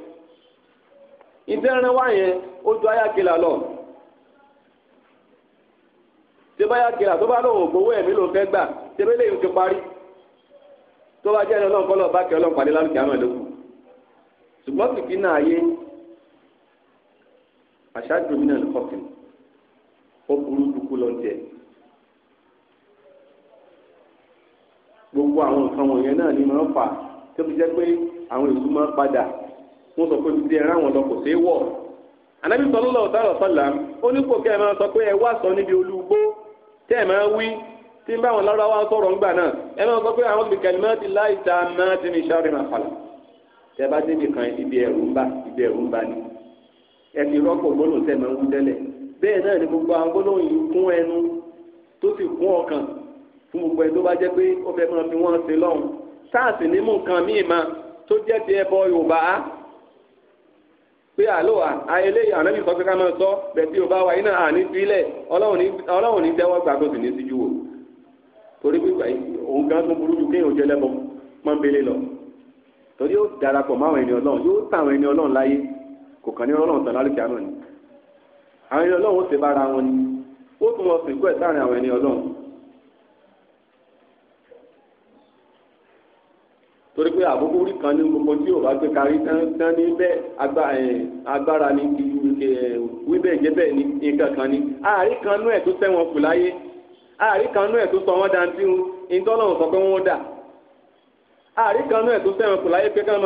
ìtẹ́ran wá yẹn ó ju ayákẹ́lá lọ ṣé báyákẹ́lá tó bá lóun ògbówó ẹ̀mí ló fẹ́ gbà ṣé bẹ́ẹ̀ lè ti parí tó bá jẹ́ ẹni ọlọ́run kọ́ lọ́ọ́ bá kẹ́ ọlọ́run pàdé lálùkì àmọ́ ìlú ṣùgbọ́n fìkì náà yé àṣáájú mi náà ló kọ̀kì ó burú dúkú lọ jẹ gbogbo àwọn nǹkan wọ̀nyẹn náà ni máa ń fà tó fi jẹ́ pé àwọn ìlú máa ń padà wọ́n sọ pé ibi tí ẹ ráwọn lọ kò sí wọ̀ ànábì sallallahu ta'ala sallam ó ní kò kẹ́ ẹ máa sọ pé ẹ wá sọ níbi olúgbó tẹ́ ẹ máa wí tí ń bá wọn lára wá sọ̀rọ̀ ńgbà náà ẹ máa sọ pé àwọn ibi kẹlẹ́mọ́ ti láì ta máa ti ní sáré máa falà tẹ́ bá débi kan ibi ẹ̀rù ń bá ibi ẹ̀rù ń bá ni ẹ fi rọ́pò gbólóhùn tẹ́ máa ń wú tẹ́lẹ̀ bẹ́ẹ̀ náà ni gbogbo àwọn gbólóhùn kún ẹnu tó sì kún ọkàn fún gbogbo ẹ tó bá jẹ́ pé ó fẹ́ máa fi wọ́n ṣe lọ́hùn sáàsì nímú nǹkan míì máa tó jẹ́ ti ẹbọ Yorùbá pé àlọ́ a ànábì sọ pé ká máa sọ bẹ́ẹ̀ tí o bá wa iná àní sílẹ̀ ọlọ́run ní tẹ́wọ́ gbà tó sì ní síjú wò òun gan tó burú ju kéèyàn lọ torí darapọ̀ mọ́ àwọn ẹni ọlọ́run yóò tà àwọn ẹni ọlọ́run láyé kò kàn ní ọlọ́run tán lálùkì àná ni àwọn ẹni ọlọ́run ó ni ó tún lọ sìnkú ẹ̀ sáàrin torí pé àbúkú rí kan ní gbogbo tí ò bá gbé kárí tán ní bẹ́ẹ̀ agbára ní wí bẹ́ẹ̀ jẹ́ bẹ́ẹ̀ ní nǹkan kan ní. àárín kan nú ẹ̀ tó láyé kan nú sọ wọ́n dantí ń sọ pé wọ́n dà kan nú ẹ̀ tó láyé pé káwọn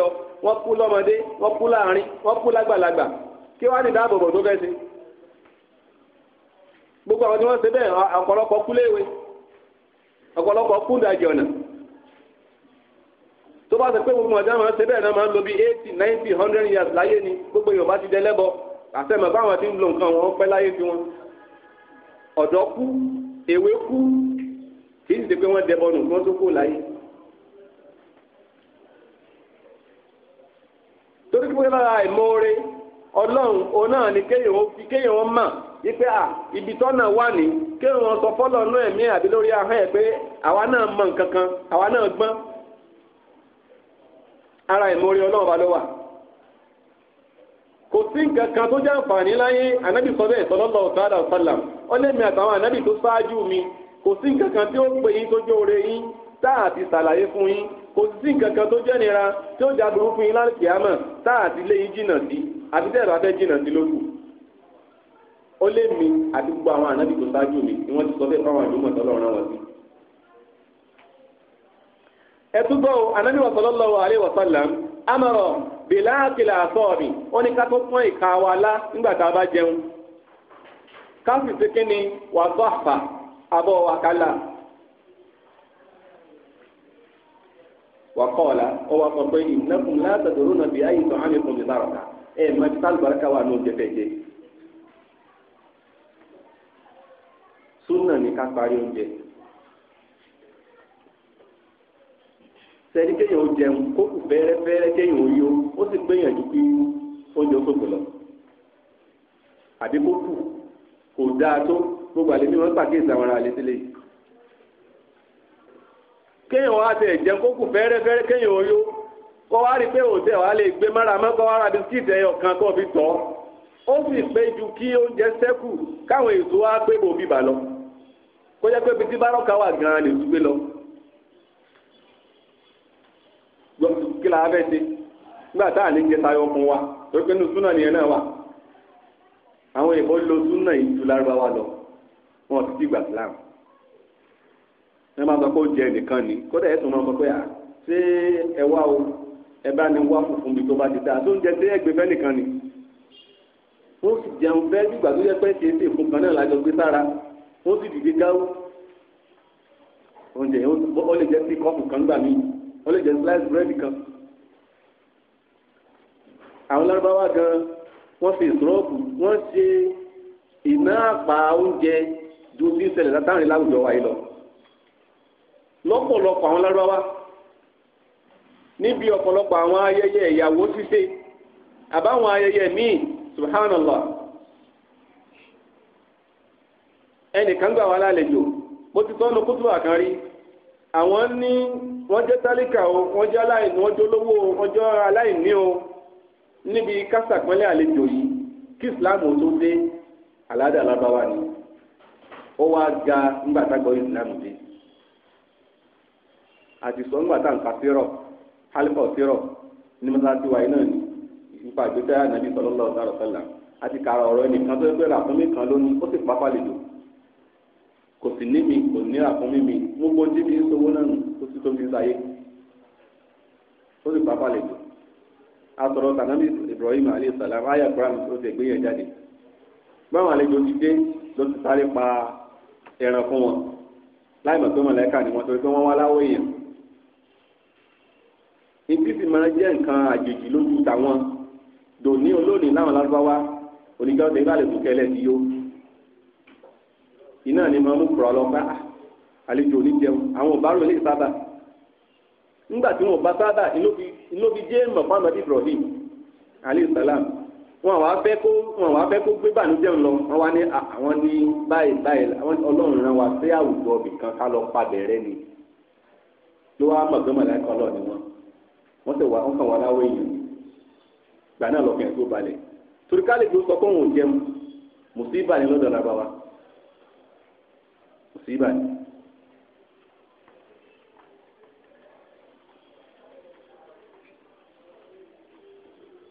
lọ wọ́n kú lọ́mọdé wọ́n kú láàrin wọ́n kú lágbàlagbà kí wọ́n á tó bá sọ pé gbogbo ọ̀dọ́ àwọn ṣe bẹ́ẹ̀ náà máa ń lo bí eighty ninety hundred years láyé ni gbogbo èèyàn bá ti dẹ lẹ́bọ àtẹ̀mọ̀ báwọn ti ń lo nǹkan wọn pẹ́ láyé fi wọn ọ̀dọ́ kú èwe kú kì í sì ṣe pé wọ́n dẹbọ nù kí wọ́n tó kú láyé. torí pé lára àìmọ́ọ́rẹ́ ọlọ́run òun náà ni kéèyàn fi kéèyàn wọn mà wípé à ibi tọ́nà wà ní kéèyàn sọ fọ́lọ́ọ̀nù ẹ̀mí àbí lórí ahọ́n ẹ̀ pé àwa náà mọ nǹkan kan àwa náà gbọ́n ara ìmọ̀rí ọlọ́run bá ló wà kò sí nǹkan kan tó jẹ́ àǹfààní láyé ànábì sọ bẹ́ẹ̀ sallallahu ta'ala wa sallam ọlẹ́mi àtàwọn ànábì tó ṣáájú mi kò sí nǹkan kan tí ó pè yín tó jẹ́ ti fún yín kò sí nǹkan kan tó jẹ́ nira tí fún yín láti tá ti lé yín jìnà sí àti tẹ́ jìnà ni wọ́n ti sọ bẹ́ẹ̀ fáwọn àdúgbò tọ́lọ́run náà wọ̀ sí ẹtúbọ anabi sallallahu alaihi wasallam amọrọ bìláàkìlà àtọọbì ó ní a bá jẹun káfí ti kí ni abọ wa kálá wà kọọla ó wà sọ pé innakum la tadruna bi ayyi ta'amikum ìbáraka ẹ sẹ́ni kéèyàn ó jẹun kó kù fẹ́ẹ́rẹ́fẹ́ẹ́rẹ́ kéèyàn ó yó ó sì gbéyàn ju kí oúnjẹ ó sòkò lọ àbí kó kù kò dáa tó gbogbo àlè ní wọn pàkíyèsí àwọn ará àlè sílẹ̀ yìí kéèyàn wá tẹ̀ jẹun kó kù fẹ́ẹ́rẹ́fẹ́ẹ́rẹ́ kéèyàn ó yó kọ́ wá rí pé òtẹ́ wàá lè gbé mára mọ́ kọ́ wá ra bisikíìtì ẹyọ kan kó fi tọ́ ó sì pé ju kí oúnjẹ sẹ́kù káwọn èso wá gbé bòbí bà lọ kó kí làá fẹ́ ṣe nígbà tá à ní jẹ tayọ ọkùn wa torí pé nínú súnà nìyẹn náà wà àwọn èèbó lo súnà yìí ju lárúbáwá lọ wọn ti ti gbà Islam ẹ máa sọ pé ó jẹ nìkan ni kódà ẹ tún máa sọ pé à ṣé ẹ wá o ẹ bá ní wá funfun bí tó bá ti dáa tó ń jẹ sí ẹgbẹ fẹ nìkan ni ó sì jẹun fẹ nígbà tó yẹ pé ṣe é ṣe fún kan náà lájọ gbé sára ó sì dìde gáwó oúnjẹ ó lè jẹ sí kọ́ọ̀fù kan gbà míì ó lè jẹ slice bread kan. àwọn lárúbáwá gan wọn fi ìsúrọ́ọ̀bù wọn ṣe ìná àpà oúnjẹ ju bí ṣẹlẹ̀ látàrin láwùjọ wáyé lọ lọ́pọ̀lọpọ̀ àwọn lárúbáwá níbi ọ̀pọ̀lọpọ̀ àwọn ayẹyẹ ìyàwó ṣíṣe àbáwọn ayẹyẹ míì subhanallah ẹnìkan gbà lálejò mo ti tọ́nu kútu àwọn ní wọ́n jẹ́ tálíkà o wọ́n jẹ́ aláìní wọ́n o wọ́n jẹ́ o níbi kásàpẹ́lẹ́ àlejò yìí kí ìsìláàmù tó dé aládàá alábáwá ni ó wá ga ńgbà tágbọ́ ìsìláàmù dé àtìsọ́ ńgbà tá à ń ka sírọ̀ hálífọ̀ sírọ̀ ní mọ́sáàtì wáyé náà ni ìfipá ìgbésẹ̀ ànábì sallallahu alaihi wasallam àti kàrà ọ̀rọ̀ ẹnìkan tó ń pè ràkúnmí kan lónìí ó sì pápá lejò kò sì ní mi kò ní ràkúnmí mi gbogbo jíbi ń sowó náà nù sì tóbi sáyé ó sì pápá lejò asọ̀rọ̀ sànámì Ibrahim alayhi salam ayé abraham tó ti gbé yẹn jáde báwọn àlejò ti dé ló ti sáré pa ẹran fún wọn láì mọ̀ pé mọ̀lẹ́kà ni wọ́n torí pé wọ́n wá láwọ̀ èèyàn ibi sì máa jẹ́ nǹkan àjèjì lójú tàwọn dòní olóòní láwọn lárúbáwá oníjọ́ tẹ ibà lè mú kẹlẹ́ ti yó iná ni mo mú kúrọ̀ lọ bá ah, àlejò oníjẹun àwọn ò bá rò ńgbà tí wọn bá sábà Ibrahim alayhi wọn kó wọn wa sí àwùjọ ká lọ ni ló wá mọ̀ gbọ́mọ̀ láìka ọlọ́ọ̀ni wọn wọ́n sì wá wọ́n kàn wá láwọ èèyàn gbà náà lọ́kàn tó balẹ̀ torí ká lè fi sọ pé òun ò jẹun mùsíbà ni lọ́dọ̀ làbá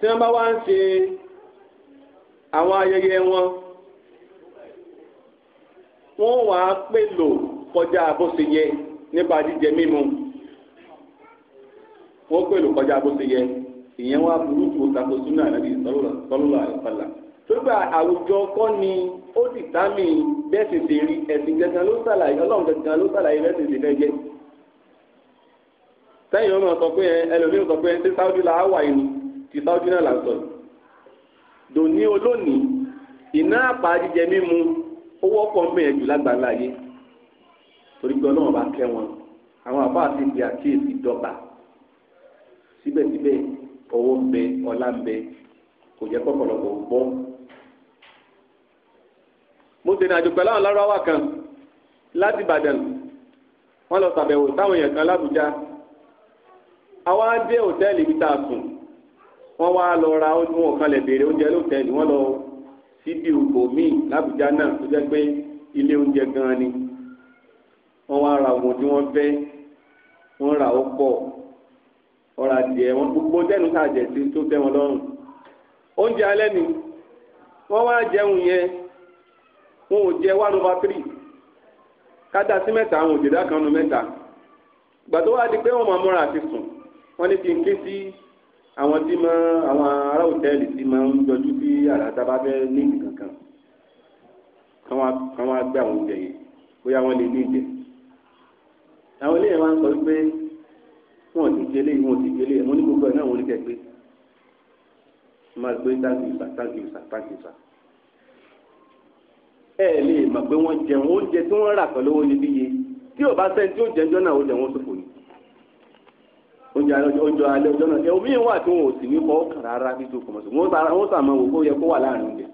tí wọ́n bá wá ń ṣe àwọn ayẹyẹ wọn wọ́n wà á pè lò kọjá bó ṣe yẹ nípa jíjẹ mímu wọ́n pè lò kọjá bó ṣe yẹ ìyẹn wá burú tó tako súnà ànábì sọlọ́lọ́ àyọ̀pàlà tóbá àwùjọ kọ́ ni ó sì támì bẹ́ẹ̀ sì ṣe rí ẹ̀sìn gangan ló ṣàlàyé ọlọ́run gangan ló ṣàlàyé bẹ́ẹ̀ sì ṣe fẹ́ jẹ́ sẹ́yìn ọmọ sọ pé ẹlòmíràn sọ pé ṣé sáwọ́dí la á wà yìí ti Saudi náà doni ń sọ yìí dòní olónìí iná àpá jíjẹ mímu owó ọkọ̀ ń bẹ̀yẹn jù lágbàlá yé torí pé ọlọ́run bá kẹ́ wọn àwọn àbá àti ìdí àkíyèsí dọ́gba síbẹ̀síbẹ̀ owó ń bẹ ọlá ń bẹ kò jẹ́ kọ́kọ́lọ́kọ́ gbọ́. mo ṣe ìrìnàjò pẹ̀lú àwọn lárúbáwá kan láti Ìbàdàn wọ́n lọ ṣàbẹ̀wò sáwọn èèyàn kan lábújá àwa dé òtẹ́ẹ̀lì ibi tá a sùn wọ́n wá lọ ra wọn kan béèrè oúnjẹ lóòótẹ́ ni wọ́n lọ síbi ògbò míì lábùjá náà tó jẹ́ pé ilé oúnjẹ gan ni wọ́n wá ra ògùn tí wọ́n fẹ́ wọ́n ra ó pọ̀ ọ̀rọ̀ wọn gbogbo tẹnu tá a jẹ sí wọn lọ́rùn oúnjẹ alẹ́ ni wọ́n wá jẹun yẹn wọn ò jẹ one over three kádà sí mẹ́ta àwọn àwọn tí máa àwọn ará òtẹ́ẹ̀lì tí máa ń jọjú bí àràdábá fẹ́ ní nǹkan kan kán wá gbé àwọn oúnjẹ yẹn bóyá wọ́n lè ní ìjẹ àwọn eléyìí máa ń sọ wípé wọn ò sì jẹ eléyìí wọn ò sì jẹ eléyìí wọn ní gbogbo ẹ̀ náà wọn ní kẹ́ pé máa gbé thank you sir thank you sir thank ẹ lè mọ̀ pé wọ́n jẹun oúnjẹ tí wọ́n rà pẹ̀lú owó níbí yìí tí ò bá sẹ́ni tí ó jẹun jọ́nà oúnjẹ alẹ́ oúnjẹ alẹ́ ọjọ́ náà ẹ̀wọ̀n míì wà tí wọn ò sì ní kọ́ kàn rárá bí tó ọkọ wọn wò ó yẹ kó wà láàrin oúnjẹ.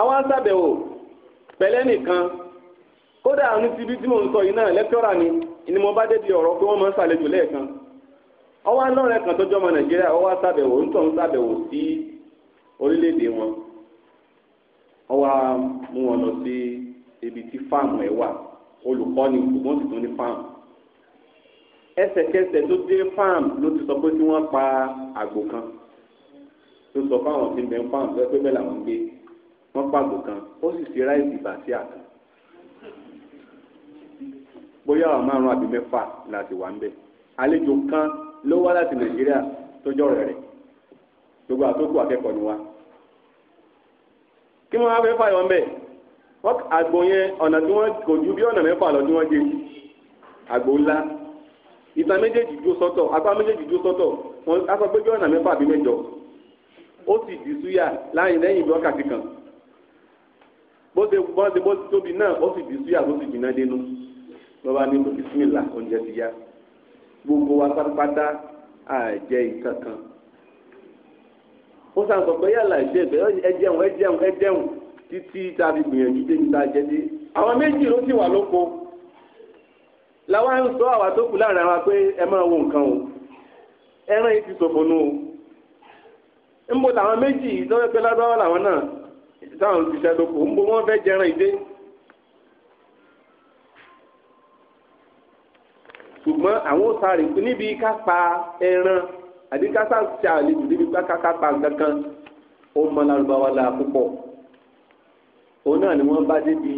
àwọn aṣàbẹ̀wò pẹ̀lẹ́ nìkan kódà ní ti tí mò ń sọ yìí náà ni ni mo bá débi ọ̀rọ̀ pé wọ́n máa ń lẹ́ẹ̀kan ọwọ́ kan tọ́jú ọmọ nàìjíríà ọwọ́ aṣàbẹ̀wò ń sí orílẹ̀-èdè wọn ọwọ́ mú wọn ẹsẹ̀kẹsẹ̀ tó dé farm ló ti sọ pé kí wọ́n pa àgbò kan tó sọ fáwọn tí ń bẹ ń farm tó pé bẹ́ẹ̀ làwọn gbé wọ́n pa àgbò kan ó sì fi ráìsì bà sí àkàn bóyá àwọn márùn àbí mẹ́fà láti wà ń bẹ̀ àlejò kan ló wá láti nàìjíríà tó jọ̀rọ̀ rẹ̀ gbogbo àtòkù akẹ́kọ̀ọ́ ni wa kí wọ́n á fẹ́ fàyọ̀ ń bẹ̀ àgbò yẹn ọ̀nà tí wọ́n kò ju bí ọ̀nà mẹ́fà lọ tí wọ́n jẹ àgbò ńlá ìta méjèèjì dúró sọ́tọ̀ apá méjèèjì dúró sọ́tọ̀ wọn aṣọ pé bí ọ̀nà mẹ́fà àbí mẹ́jọ ó sì di súyà láyìn lẹ́yìn ìlú wákàtí kan bó ṣe bọ́n ṣe bó ṣe tóbi náà ó sì di súyà tó sì jìnnà dénú lọ́ba ní bisimilà oúnjẹ ti yá gbogbo wa pátápátá àjẹ ìkankan ó sàn sọ pé yàrá ìṣe ìgbẹ́ ẹ jẹun ẹ jẹun ẹ jẹun títí tá a fi gbìyànjú débi tá a jẹ dé àwọn méjì ló sì wà lóko làwa ń sọ àwa tó kù láàrin wa pé ẹ máa wo nǹkan o ẹran yìí ti ṣòfò nù o ń bo làwọn méjì lọ́wọ́ pé ládọ́wọ́ làwọn náà táwọn òṣìṣẹ́ tó kù ń bo wọ́n fẹ́ jẹran ìdé. ṣùgbọ́n àwọn sáré níbi ká pa ẹran àbí ká sá ṣe àlejò níbi ká ká pa nǹkan kan ó mọ lárúbáwá la púpọ̀ òun náà ni wọ́n bá débi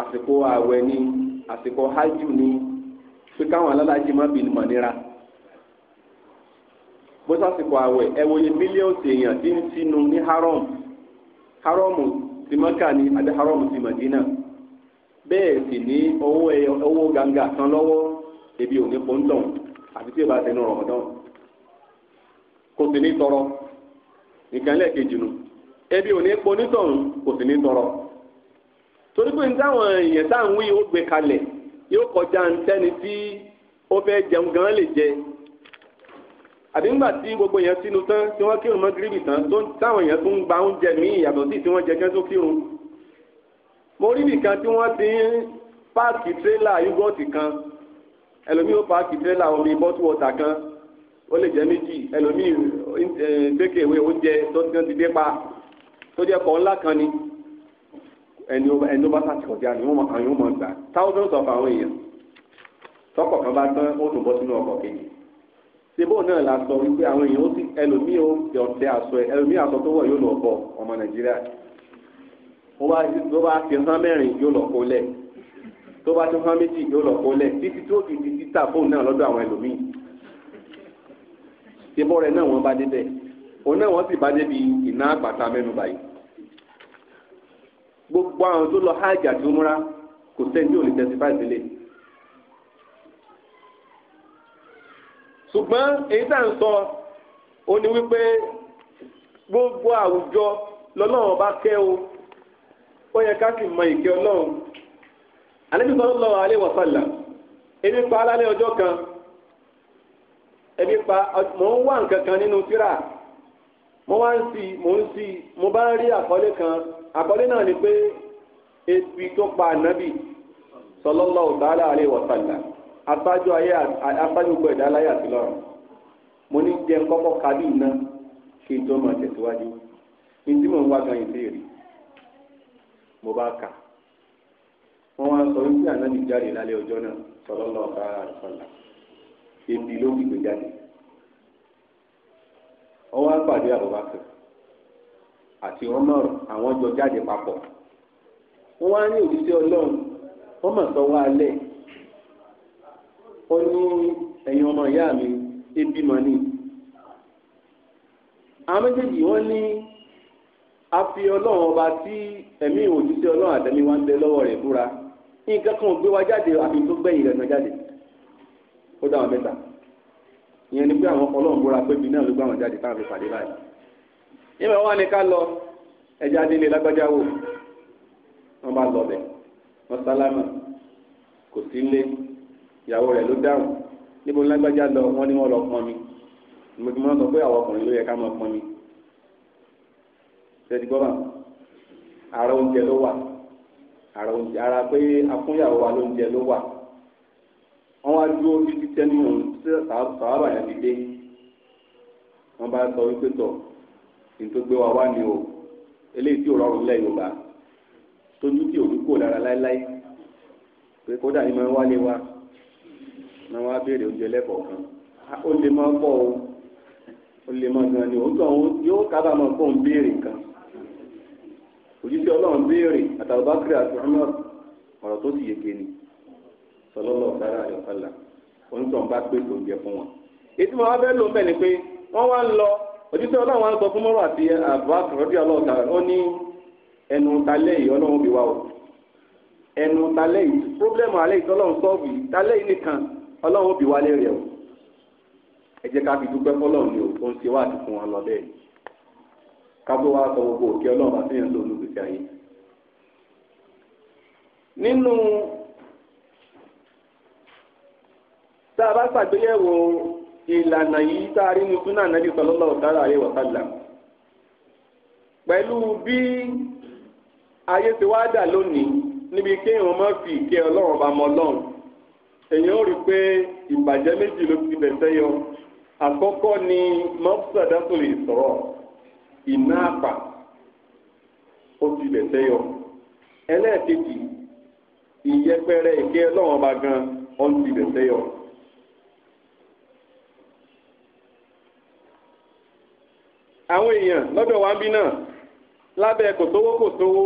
àsìkò ààwẹ̀ ni àsìkò hajj ni pé káwọn alálàájì má bìí mọ̀ nira bó sásìkò ààwẹ̀ ẹ mílíọ̀nù èèyàn tí ń sínú ní haram haram ti mọ́kà ni àti haram ti mọ̀dínà bẹ́ẹ̀ sì ní owó owó gàǹgà tán lọ́wọ́ ebi ò ní pọ́ńtọ̀n àfi tí ì bá tẹnu rọ̀mọ́dán kò sì ní tọrọ nìkan lẹ́ẹ̀kejì nù ebi ò ní pọ́ńtọ̀n kò sì ní tọrọ torí pé táwọn èèyàn tá à ń wí ó gbé kalẹ̀ yóò kọjá ntẹ́ni tí ó fẹ́ jẹun gan lè jẹ àbí ńgbà tí gbogbo èèyàn sínú tán tí wọ́n kírun mọ́gírìbì tán táwọn èèyàn tún ń gba oúnjẹ míì yàtọ̀ sí tí wọ́n jẹ kẹ́ńtó kírun mo rí nìkan tí wọ́n ti ń páàkì tírélà yúgọ́ọ̀tì kan ẹlòmíì ó páàkì tírélà omi bọ́tù wọ́tà kan ó lè jẹ́ méjì ẹlòmíì eh, eh, gbẹ́kẹ̀wé oúnjẹ tó ti dé pa tó jẹ́ kọ́ ńlá kan ni ẹni ẹni ó bá sàtìkọ̀ tí a ní àwọn máa gbà thousands of àwọn èèyàn tọkọ̀ kan bá tán ó tún bọ́ sínú ọkọ̀ kejì síbò náà la sọ wípé àwọn èèyàn ó sì ẹlòmíì ó ti ọ̀tẹ̀ aṣọ ẹ ẹlòmíì aṣọ tó wọ̀ yóò lọ bọ̀ ọmọ nàìjíríà ó bá tó bá ti hán mẹ́rin yóò lọ kó lẹ̀ tó bá ti hán méjì yóò lọ kó lẹ̀ títí tó fi di títà fóònù náà lọ́dọ̀ àwọn ẹlòmíì síbò rẹ̀ náà wọ́n bá débẹ̀ òun náà wọ́n sì bá débi ìná àgbàtà mẹ́nu báyìí gbogbo àwọn tó lọ hajj àti umra kò sẹ́ni tí ò lè testify sílẹ̀. ṣùgbọ́n èyí tá à ń sọ ó ní wípé gbogbo àwùjọ lọ́lọ́run bá kẹ́ o ó yẹ ká sì mọ ìkẹ́ ọlọ́run Ànábì sallallahu alaihi wasallam ebi pa alálẹ́ ọjọ́ kan ebi pa mò ń wá nǹkan kan nínú tírà mo wá ń sí mo ń sí mo bá rí àkọlé kan àkọlé náà ni pé ebi tó pa ànábì sallallahu ta'ala alaihi wa sallam aṣáájú ayé aṣáájú gbọ ẹ̀dá aláyà sí lọ́rùn mo ní jẹ kọ́kọ́ kábí iná kí n tó máa tẹ̀síwájú ní tí mò ń wá gan ìbéèrè mo bá kà wọn wá sọ wípé ànábì jáde lálẹ́ ọjọ́ náà sallallahu ta'ala alaihi wa sallam ebi ló gbìgbé jáde wọ́n wá pàdé Abubakar àti Umar àwọn jọ jáde papọ̀ wọ́n wá ní òṣìṣẹ́ ọlọ́run wọ́n mọ̀ sọ wá alẹ́ ó ní ẹ̀yin ọmọ ìyá mi ebi mọ̀ ni àwọn méjèèjì wọ́n ní a fi ọlọ́run ọba tí ẹ̀mí òjíṣẹ́ ọlọ́run àtẹ̀mí wa ń bẹ lọ́wọ́ rẹ̀ búra nǹkan kan ò gbé wa jáde àfi tó gbẹ̀yìn rẹ̀ náà jáde ó dá wọn mẹ́ta ìyẹn ni pé àwọn ọkọ ọlọ́run búra pé bíi náà ló gbà wọ́n jáde káwọn fi pàdé báyìí. ìmọ̀ wọn ni ká lọ ẹja délé lágbájá wò wọ́n bá lọ bẹ̀ wọ́n sálámà kò sí ilé ìyàwó rẹ̀ ló dáhùn níbo lágbájá lọ wọ́n ní wọ́n lọ pọn mi mo ti mọ́ sọ pé àwọn ọkùnrin ló yẹ ká máa pọn mi. ṣé ti gbọ́ bá ara oúnjẹ ló wà ara pé afúnyàwó wa lóúnjẹ ló wà dúró títí tẹnu ọ̀hún tí sàábà yẹn ti dé wọ́n bá sọ wípé tọ̀ kí n tó gbé wa wá ni o eléyìí tí ò rọrùn lẹ́yìn yorùbá tójú tí òun kò lára láéláé pé kódà ni máa ń wálé wa máa wá béèrè oúnjẹ lẹ́kọ̀ọ̀kan ah, ó lè máa pọ̀ o ó lè máa gan ni òun tó àwọn yóò kábàámọ̀ kó ń béèrè kan òjíṣẹ́ ọlọ́run béèrè àtàlùbákìrì àti ọmọ ọ̀rọ̀ tó sì yege ni sọlọ́lọ́ ọ̀sára àyọ̀kálà oníṣòwò bá pè tó jẹ fún wọn. ètò wọn abẹ́ ló bẹ̀ ni pé wọ́n wá ń lọ òjijì ọlọ́run wọn sọ fún mọ́rọ̀ àti àbá àtúrọ́dì ọlọ́run tààrà ó ní ẹnu talẹ́ yìí ọlọ́run bí wa o ẹnu talẹ́ yìí pírọ́blẹ́mù alẹ́ yìí tọ́lọ́run sọ́ọ̀bù yìí talẹ́ yìí nìkan ọlọ́run bí wa lérè o ẹ jẹ́ ká fi dúpẹ́ fọlọ́run ni o ó ń ṣe wá àtìkún wọn lọ bẹ́ẹ̀ ká tó wá sọ gbogbo òkè ọlọ́run àti ìyẹn tó olùgbèsè ayé nínú tá a bá ṣàgbéyẹ̀wò ìlànà yìí tá a rí ní súnà nàbì sallallahu alaihi wa sallam pẹ̀lú bí ayé ti wá dà lónìí níbi kéèyàn má fi ìkẹ́ ọlọ́run bá mọ ọlọ́run èèyàn ó rí pé ìbàjẹ́ méjì ló ti bẹ̀ sẹ́yọ àkọ́kọ́ ni mọ́sàdásòlè sọ̀rọ̀ iná àpà ó ti bẹ̀ sẹ́yọ ẹlẹ́ẹ̀kejì ìyẹpẹrẹ ìkẹ́ ọlọ́run bá gan ó ti bẹ̀ sẹ́yọ. àwọn èèyàn lọ́dọ̀ wa ń bí náà lábẹ́ kòtówó kòtówó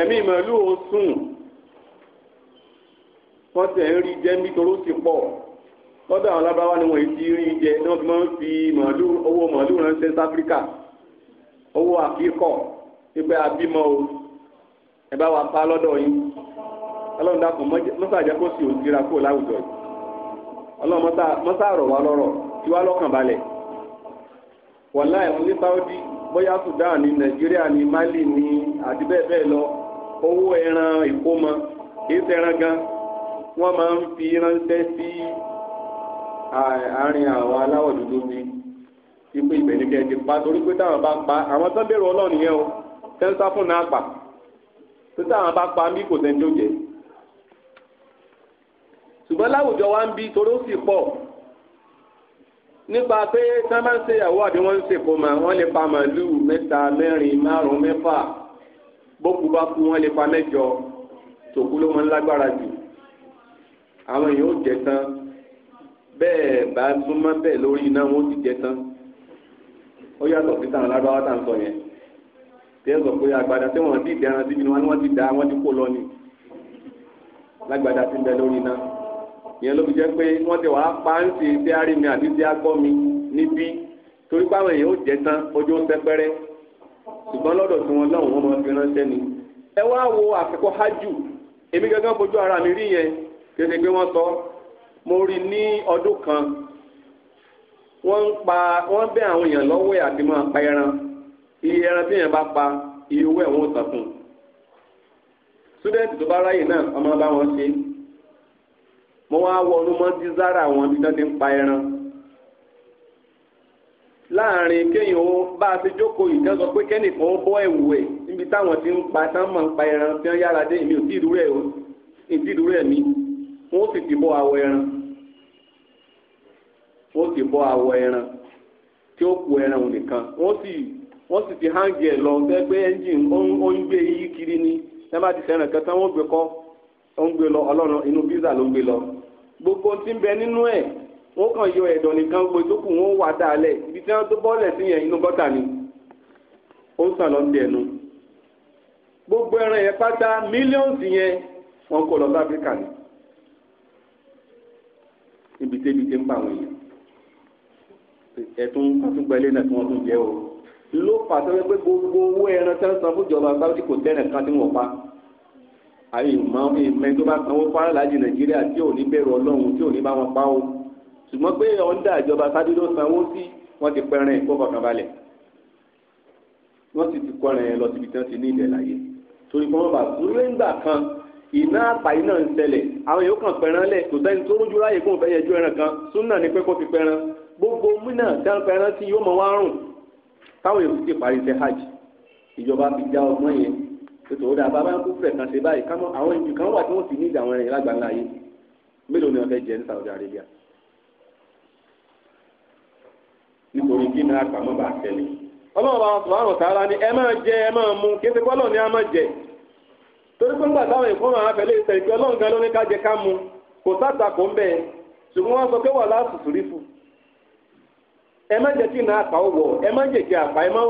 ẹ̀mí ìmọ̀lú ò sùn wọ́n tẹ̀ ń rí jẹ́ nítorí ó ti pọ̀ lọ́dọ̀ àwọn lábáwá ni wọ́n ti rí jẹ ní wọ́n fi máa ń fi màálù owó màálù ránṣẹ́ sáfíríkà owó àkíkọ̀ pípẹ́ abímọ o ẹ bá wa pa lọ́dọ̀ yín ọlọ́run dàpọ̀ mọ́sàájá kó sì òsìra kúrò láwùjọ yìí ọlọ́run mọ́sàárọ̀ wa lọ́rọ̀ tiwa lọ́kàn balẹ̀ wàhálà ẹ̀wọ̀n ní Saudi bóyá Sudan ní Nàìjíríà ní Mali ní àti bẹ́ẹ̀ bẹ́ẹ̀ lọ owó ẹran ìkómọ kìí ṣẹran gan wọ́n máa ń fi ránṣẹ́ sí àárín àwọn aláwọ̀ dúdú bí ipò ìbẹ̀nìkẹ́ ti pa torí pé táwọn bá pa àwọn tó bẹ̀rù Ọlọ́run yẹn o tẹ́ńsá fún náà pa tó táwọn bá pa mí kò sẹ́ni tó jẹ́ ṣùgbọ́n láwùjọ wa ń bí torí ó sì pọ̀ nípa pé tí wọ́n bá ń ṣe ìyàwó àbí wọ́n ń ṣèkó mà wọ́n lè pa màlúù mẹ́ta mẹ́rin márùn-ún mẹ́fà bókú bá kú wọ́n lè pa mẹ́jọ tòkú ló máa ń lágbára jù àwọn èèyàn ò jẹ tán bẹ́ẹ̀ bá súnmọ́ bẹ́ẹ̀ lórí iná wọn ó ti jẹ tán ó yàtọ̀ sí tàn lágbára tàn sọ yẹn tẹ́ sọ pé àgbàdà tí wọ́n ti dẹran síbi ni wọ́n ti dá wọ́n ti kó lọ ni lágbàdà ti ń bẹ lórí iná ìyẹn ló fi jẹ́ pé wọ́n ti wàá pa á ń ṣe tí a rí mi àbí tí a gbọ́ mi níbí torí báwọn èèyàn ó jẹ tán ojú ń sẹpẹrẹ ṣùgbọ́n lọ́dọ̀ tí wọ́n náà wọ́n máa fi ránṣẹ́ ni. ẹ wá wo àsìkò hajj èmi gángan fojú ara mi rí yẹn kéde pé wọ́n sọ mo rí ní ọdún kan wọ́n ń pa wọ́n bẹ́ àwọn èèyàn lọ́wọ́ ẹ̀ àti máa pa ẹran iye ẹran tí èèyàn bá pa iye owó ẹ̀ wọ́n sàn fún tó bá ráyè náà ọmọ bá wọn ṣe é mo wá wọnú mọ́ dísára àwọn ibi tán ti ń pa ẹran láàrin kéèyàn ó bá a ti jókòó ìkan sọ pé kẹ́nìkan ó bọ́ ẹ̀wù ẹ̀ níbi táwọn ti ń pa tán máa ń pa ẹran tí wọ́n yára dé èmi ò tí ì dúró ẹ̀ o tí ì dúró ẹ̀ mi wọ́n sì ti bọ́ awọ ẹran wọ́n sì bọ́ awọ ẹran tí ó ku ẹran òun nìkan wọ́n sì wọ́n sì ti hángi ẹ̀ lọ fẹ́ pé ẹ́ńjìn ó ń gbé yí kiri ni tí bá ti sẹ́ràn kan wọ́n gbé kọ́ ó ń gbé lọ ọlọ́run inú visa ló ń gbé lọ gbogbo tí ń bẹ nínú ẹ̀ wọ́n kàn yọ ẹ̀dọ̀ nìkan gbé tó kù wọ́n wà dáalẹ̀ ibi tí wọ́n tó bọ́ọ̀lẹ̀ sí yẹn inú gọ́tà ni ó ń sàn lọ ní ẹnu gbogbo ẹran yẹn pátá mílíọ̀nsì yẹn wọ́n kó lọ sí áfíríkà ni ibi tí ibi tí ń pa àwọn èèyàn ẹ̀tún àtúgbà ilé náà tí wọ́n tún jẹ́ o ló fà sọ́wọ́ gbogbo owó ẹran tẹ́lẹ̀ san fún ìjọba sáwọ́dì kò tẹ́lẹ̀ kan àyè ìmọ̀ ìmọ̀ tó bá sanwó fara láti nàìjíríà tí ò ní bẹ̀rù ọlọ́run tí ò ní bá wọn pa ó ṣùgbọ́n pé ọ̀ndà ìjọba sáré ló sanwó sí wọ́n ti pẹ́rẹ́ kó fọkàn balẹ̀ wọ́n sì ti kọ́rin ẹ̀ lọ síbi tí wọ́n ti ní ilẹ̀ láyé torí fún wọn bá lórí ńgbà kan iná àpá iná ń ṣẹlẹ̀ àwọn yòókù kan pẹ̀ràn lẹ̀ kò sẹ́ni tó rújú ráyè kó fẹ́ yẹjú ẹran kan súnà ní pé kó fi pẹ̀ràn gbogbo múnà dá pẹ̀ràn sí yóò mọ̀ wá rùn táwọn èkó ti parí iṣẹ́ hajj ìjọba fi já ọgbọ́n yẹn ètò ọ̀dà bàbá kú fẹ̀ kàn ṣe báyìí kámọ́ àwọn ibi kan wà tí wọ́n sì ní ìdàwọn ẹ̀yìn lágbàlá yìí mélòó ni wọ́n fẹ́ jẹ ní Saudi Arabia nítorí ni ẹ máa jẹ ẹ máa kí ti ni a máa jẹ torí pé ńgbà táwọn ìṣẹ̀ ìpè ọlọ́run gan mu kò sáta kò ń bẹ ṣùgbọ́n sọ pé wà ẹ má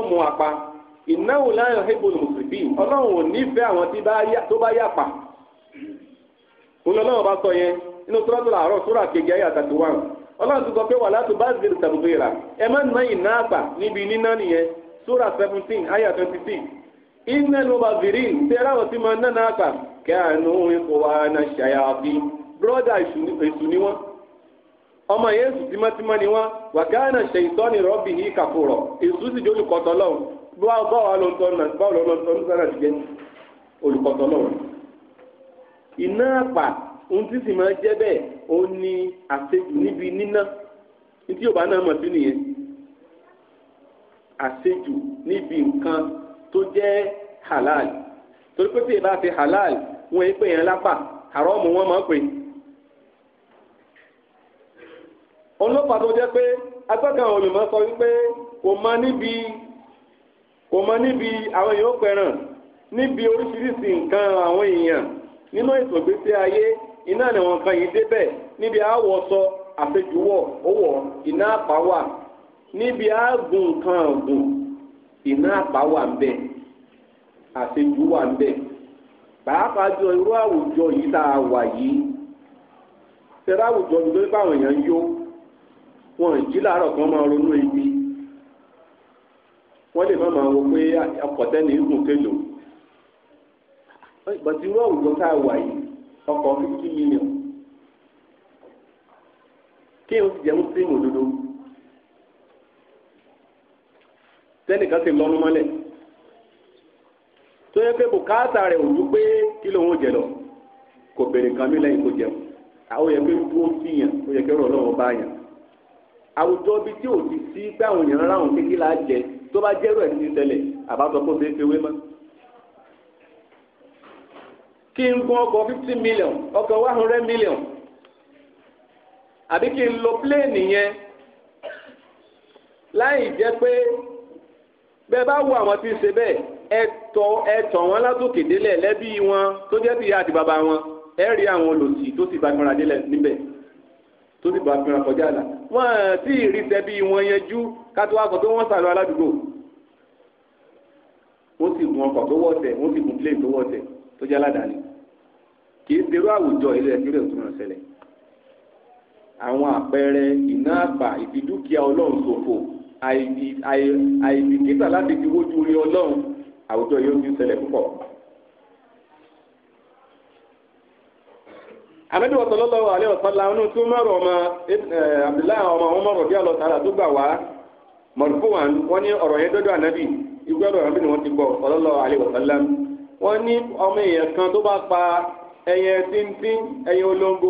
ìnáwó láyọ̀ hẹ́gbọ́n mùsùlùmí ọlọ́run ò nífẹ̀ẹ́ àwọn tó bá yàpà olùlọ́wọ́ bá sọ yẹn nínú sọ́dọ̀ tó ayé wa ọlọ́run ti sọ pé wà látò bá zèrè tàbùzèrà ẹ má nà yìí náà níbi níná nìyẹn sórí seventeen ayé twenty six iná ló bá zèrè tẹ́lá wọ́n ti máa ná náà pa kẹ́hánú ipò wa náà ṣàyàfi bírọ́dà èṣù ni wọ́n ọmọ yẹn ni wọ́n báwo báwo ló ń tọ́ náà báwo ló ń tọ́ ní sára ìjẹ́ olùkọ́tọ́ náà iná àpà ohun tí sì máa jẹ́ bẹ́ẹ̀ ó ní àṣejù níbi níná ní tí yorùbá náà mọ̀ sí nìyẹn àṣejù níbi nǹkan tó jẹ́ halal torí pé tí ìbá fi halal wọn èé pè yẹn lápà haramu wọn máa pè. ọlọ́pàá tó jẹ́ pé agbẹ́kan olùmọ̀ sọ wípé kò máa níbi kò mọ níbi àwọn èèyàn pẹ̀ràn níbi oríṣiríṣi nǹkan àwọn èèyàn nínú ètò ìgbésí ayé iná ni wọn kan yìí débẹ̀ níbi àwọ̀ sọ àfẹjúwọ̀ owó iná àpáwà níbi àgùn nǹkan ọ̀gùn iná àpáwà ń bẹ àfẹjúwà ń bẹ pàápàá jọ irú àwùjọ yìí tá a wà yìí tẹ̀rọ àwùjọ yìí lórí báwọn èèyàn yó wọn jí làárọ̀ kan máa ronú ibi wọ́n lè má máa wo pé ọkọ̀ tẹ́lẹ̀ ń gùn kélo bàtí irú àwùjọ tá a wà yìí ọkọ̀ fifty million kí n jẹ́ muslim òdodo tẹ́nìkan ti lọ́nu mọ́lẹ̀ tó yẹ pé bùkátà rẹ̀ ò ju pé kí lòun ò jẹ lọ kò béèrè kan mi lẹ́yìn kò o àwọn yẹ pé kó síyàn ó yẹ kí ọ̀rọ̀ náà bá yàn àwùjọ bíi tí ò ti sí pé àwọn èèyàn rárá kékeré á jẹ tó bá jẹ́rú ẹ̀ ní ṣẹlẹ̀ àbátọ́ kó ṣe é fi wé mọ́. kí n gun ọkọ̀ fifty million ọkọ̀ one hundred million àbí kí n lo pléènì yẹn láì jẹ́ pé bẹ́ẹ̀ bá wo àwọn tí ń ṣe bẹ́ẹ̀ ẹ̀tọ́ ẹ̀tọ́ wọn látòkè délẹ̀ lẹ́bí wọn tó jẹ́ ti àti bàbá wọn ẹ̀ rí àwọn olòṣì tó ti bá kanra délẹ̀ níbẹ̀ tó ti bá kanra kọjá àlà wọn tí ì rí sẹ́bí wọn yanjú kátó wá sọ pé wọ́n sàlọ aládùúgbò wọ́n sì gun ọkọ̀ tó wọ́ọ̀tẹ̀ wọ́n sì gun plane tó wọ́ọ̀tẹ̀ tó jẹ́ aládàáni kì í ṣerú àwùjọ ilé ẹ̀kí rẹ̀ tó máa ṣẹlẹ̀ àwọn àpẹẹrẹ iná àpà ìfidúkìá ọlọ́run ṣòfò àìbìkítà láti fi wójú rí ọlọ́run àwùjọ yóò ti ṣẹlẹ̀ púpọ̀. Amadu wa sallallahu alayhi wa sallam anu tó mọ̀rọ̀ ọmọ eh, abdullahi ọmọ ọmọ mọ̀rọ̀ bí alọ́ sàrà tó gbà wá wa wọ́n ní ọ̀rọ̀ yẹn dọ́dọ̀ anabi ìgbẹ́ ọ̀rọ̀ anabi ni wọ́n ti gbọ́ sallallahu alayhi wa sallam wọ́n ní ọmọ èèyàn kan tó bá pa ẹyẹ tíntín ẹyẹ olóńgbò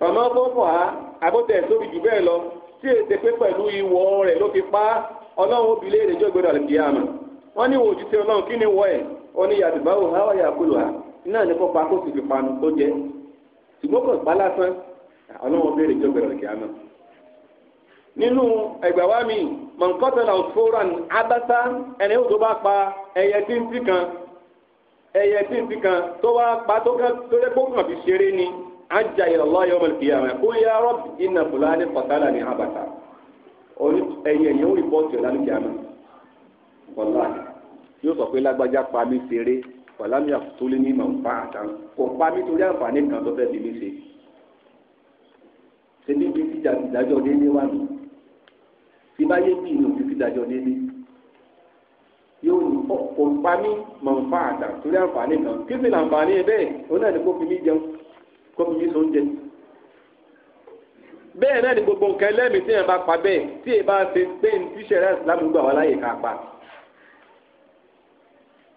fàmọ́ tó fà á àbótẹ̀ tóbi jù bẹ́ẹ̀ lọ tí ètè pé pẹ̀lú ìwọ̀ rẹ̀ ló fi pa ọlọ́run obìnrin èrè jọ ìgbẹ́dọ̀ àlùkìyàmà wọ́n ní ìwòjú tí ọlọ́run kí ni wọ́ ẹ̀ ó ní yàtìbáwò háwáyà kúlù ha náà ní kó pa kó sì fi panu tó jẹ́ ṣùgbọ́n kò pa lásán ọlọ́wọ́n béèrè jọ bẹ̀rẹ̀ kí á mọ̀. nínú ẹgbẹ́ wa mi mọ̀nkọ́tàlá òṣùfòrán abáta ẹni tó bá pa ẹyẹ títí kan ẹyẹ títí kan tó wá pa tó lé kó kàn fi ṣeré ni ajá ìrọ̀lọ́ yọmọ ìfìyàmẹ́ kó yá rọ́bì iná fúlàní pàtàlà ní abàtà ẹyẹ yẹn ó rìpọ́ọ̀tì ọ̀làní kí á mọ̀ fàlámì àtúntólé ní màǹfà àtàn kò pa mí torí àǹfààní kan tó fẹ́ fi mí ṣe ṣe bí bí fìjà ìdájọ́ délé wà mí tí bá yé bí ìlú fi dájọ́ délé yóò ní kò pa mí màǹfà àtàn torí àǹfààní kan kí sì làǹfààní ẹ bẹ́ẹ̀ òun náà ni kó fi mí jẹun kó fi mí sọ oúnjẹ bẹ́ẹ̀ náà ni gbogbo nǹkan ẹlẹ́mìí tí yẹn bá pa bẹ́ẹ̀ tí èèyàn bá ṣe pé ní tíṣẹ̀rẹ́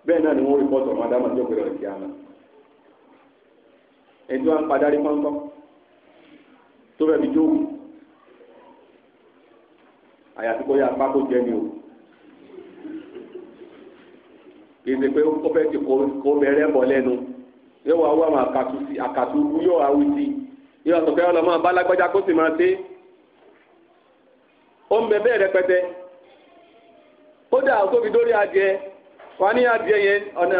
bẹ́ẹ̀ náà ni wọ́n rìpọ́tù ọmọ adámọ̀ tó gbèrò ìkí àná ẹjọ́ à ń padarí pọ́ńpọ́ tó bẹ̀ fi jó àyàfi kó yá apá jẹ́ ni o kì í ṣe pé ó fẹ́ ti kó bẹ̀rẹ̀ bọ̀ lẹ́nu yóò wá wá àwọn àkàtú sí àkàtú yóò wá wí sí yóò sọ pé ọlọ́mọ abálágbájá kó sì máa dé ó ń bẹ bẹ́ẹ̀ rẹpẹtẹ kódà ó tóbi dórí adìẹ wà ní adìẹ yẹn ọ̀nà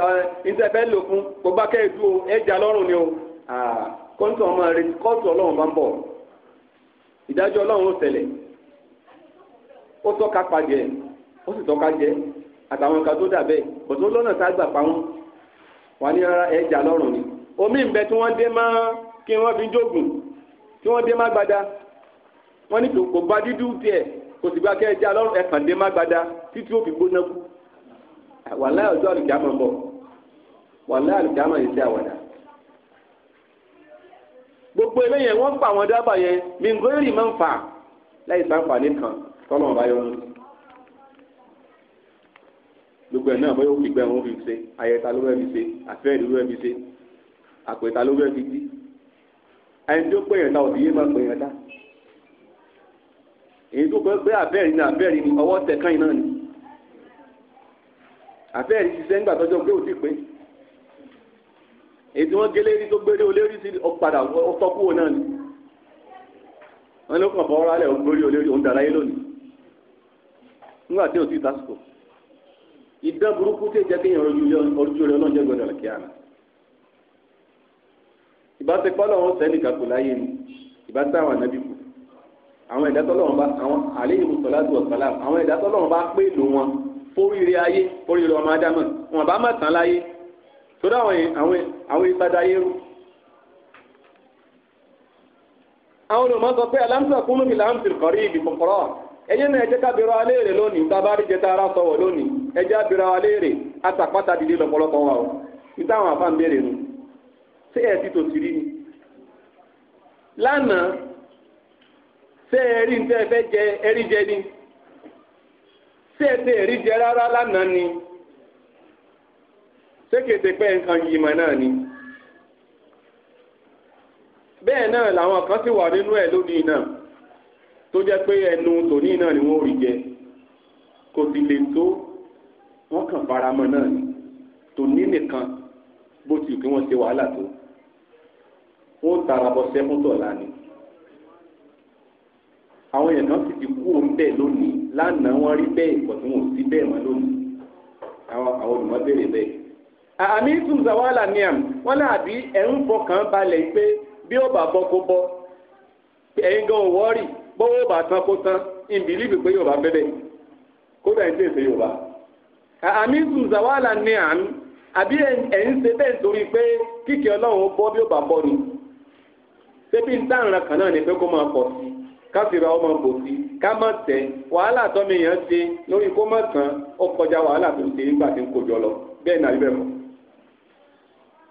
ìtẹ̀fẹ́ lò fún gbogbo akẹ́ẹ̀dú ẹja lọ́rùn ni o kóńtù ọmọ rẹ kóòtù ọlọ́run bá ń bọ̀ ìdájọ́ ọlọ́run ó ṣẹlẹ̀ ó tọ́ka pàjẹ́ ó sì tọ́ka jẹ́ àtàwọn nǹkan tó dà bẹ́ẹ̀ bọ̀tún lọ́nà tá a gbà pa wọn wà ní rárá ẹja lọ́rùn ni omi ń bẹ tí wọ́n dé máa kí wọ́n fi jógun tí wọ́n dé má gbada wọ́n ní kò gba dídú tiẹ̀ kò sì gba kẹ́ ẹja lọ́rùn ẹ̀kàn wàláyà ọjọ́ àlùkìyàmọ̀ ń bọ̀ wàláyà àlùkìyàmọ̀ yìí sí àwàdà gbogbo eléyẹn wọ́n pa àwọn dábàá yẹn mingori máa ń fà láì sáǹfààní kan tọ́lọ̀ ọ̀bá yọ ọ́nù gbogbo ẹ̀ náà bóyá ó fi gbẹ́ wọn ó fi ṣe ayẹta ló fẹ́ fi ṣe àfẹ́ẹ̀dì ló fẹ́ fi ṣe àpẹta ló fẹ́ fi dí ẹni tó pè yẹn ta òbí yẹn máa pè yẹn ta èyí tó pẹ́ pé àfẹ́ẹ̀dì ni àfẹ́ẹ̀dì ni ọwọ́ tẹ̀ káyìn náà ni àfẹ́ẹ̀rí ṣiṣẹ́ nígbà tọ́jọ́ pé ò ti pé èyí tí wọ́n gélé rí tó gbére olérí sí ọ̀padà ọ̀tọ́kùwò náà ni wọ́n ló kàn fọwọ́rọ́ alẹ́ ògbórí olérí òun dàráyé lónìí nígbà tí ò ti tásìkò ìdán burúkú tí èjẹ́ kéèyàn ojú rẹ̀ ọlọ́run jẹ́ gbọdọ̀ kí àná ìbáṣepọ̀ lọ́wọ́ sẹ́ni kàkó láyé ni ìbáṣepọ̀ àwọn ànábì kù àwọn ìdátọ́lọ́wọ́n bá àwọn àléyìn mùsọ̀lá oríire ayé oríire ọmọ adámọ̀ wọn bá má tán láyé torí àwọn àwọn àwọn ìpadà ayé rú. àwọn olùmọ̀ sọ pé aláǹsà kúnnú mi láǹsì kọ̀rí ibi kọ̀kọ̀rọ̀ ẹ̀yẹ́ náà ẹ̀jẹ̀ kábìrọ̀ aléèrè lónìí tá a bá rí jẹta ara sọ̀wọ̀ lónìí ẹ̀jẹ̀ abìrọ̀ aléèrè àtàpátá dìde lọ́pọ̀lọpọ̀ wa o ìtàwọn àfáàn béèrè nù ṣé ẹ̀ ti tòsí rí ni. lánàá ṣé ẹ rí ní tẹ́ ẹ fẹ́ jẹ ẹ rí jẹ ni tẹ̀sẹ̀ rí jẹ rárá lánàá ni sékèdè pé nǹkan yìmọ̀ náà ni bẹ́ẹ̀ náà làwọn kan sì wà nínú ẹ̀ lónìí náà tó jẹ́ pé ẹnu tòní náà ni wọ́n rí jẹ kò sì lè tó wọ́n kàn faramọ́ náà ni tòní nìkan bó ti kí wọ́n ṣe wàhálà tó wọ́n tara bọ́ sẹ́mútọ̀ lánìí àwọn èèyàn náà sì ti kú òun bẹ́ẹ̀ lónìí lánàá wọ́n rí bẹ́ẹ̀ ìkọ̀ tí wọ́n ò sí bẹ́ẹ̀ mọ́ lónìí àwọn olùmọ̀ béèrè bẹ́ẹ̀. àmì tún zawala ní àmì wọn làbí ẹ̀ ń fọkàn balẹ̀ pé bí ó bá bọ́ kó bọ́ ẹ̀yin gan wọ́ọ̀rì bọ́wọ́ bá tán kó tán ìbílíbi pé yóò bá bẹ́ẹ̀ bẹ́ẹ̀ ń tẹ̀sẹ̀ yóò bá. àmì tún zawala ní àmì àbí ẹ̀ ń ṣe bẹ́ẹ̀ torí pé kíkẹ́ ọlọ́run bọ́ bí ó bá bọ́ ni ṣé bí ń tàn káfíra ọmọ bòsí ká má tẹ wàhálà tọ́mi yẹn ṣe lórí kó má tán ó kọjá wàhálà tó ń ṣe nígbà tí ń kojọ lọ bẹ́ẹ̀ náà ibẹ̀ mọ́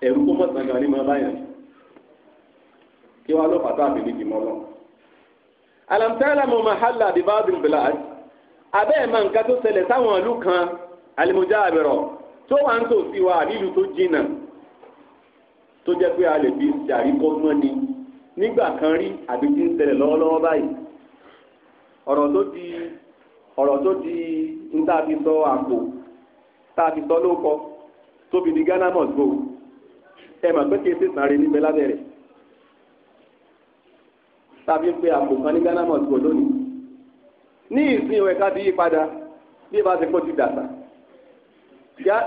ẹ̀rú kó má tán gan ni máa báyàn kí wàá ló fàtà àbí níbi lọ. alamtala mo ma hàlà àdìbàdùn bìlà abẹ́ ẹ̀ máa ń ká tó ṣẹlẹ̀ sáwọn ìlú kan alimujà àbẹ̀rọ̀ tó wà ń tòsí wa àbí ìlú tó jìnnà tó jẹ́ pé a lè fi ṣàríkọ́ mọ́ni nígbà kan rí àbí tí ń ṣẹlẹ̀ lọ́wọ́lọ́wọ́ báyìí ọ̀rọ̀ tó di ọ̀rọ̀ tó di ń tá a fi sọ àpò tá a di Ghana must go ẹ mà pé kí esi sàárè níbẹ̀ àpò kan ní Ghana must go lónìí ní ìsìn ìwẹ̀ ká ti yí padà bí ìbá ti pọ̀ ti dàtà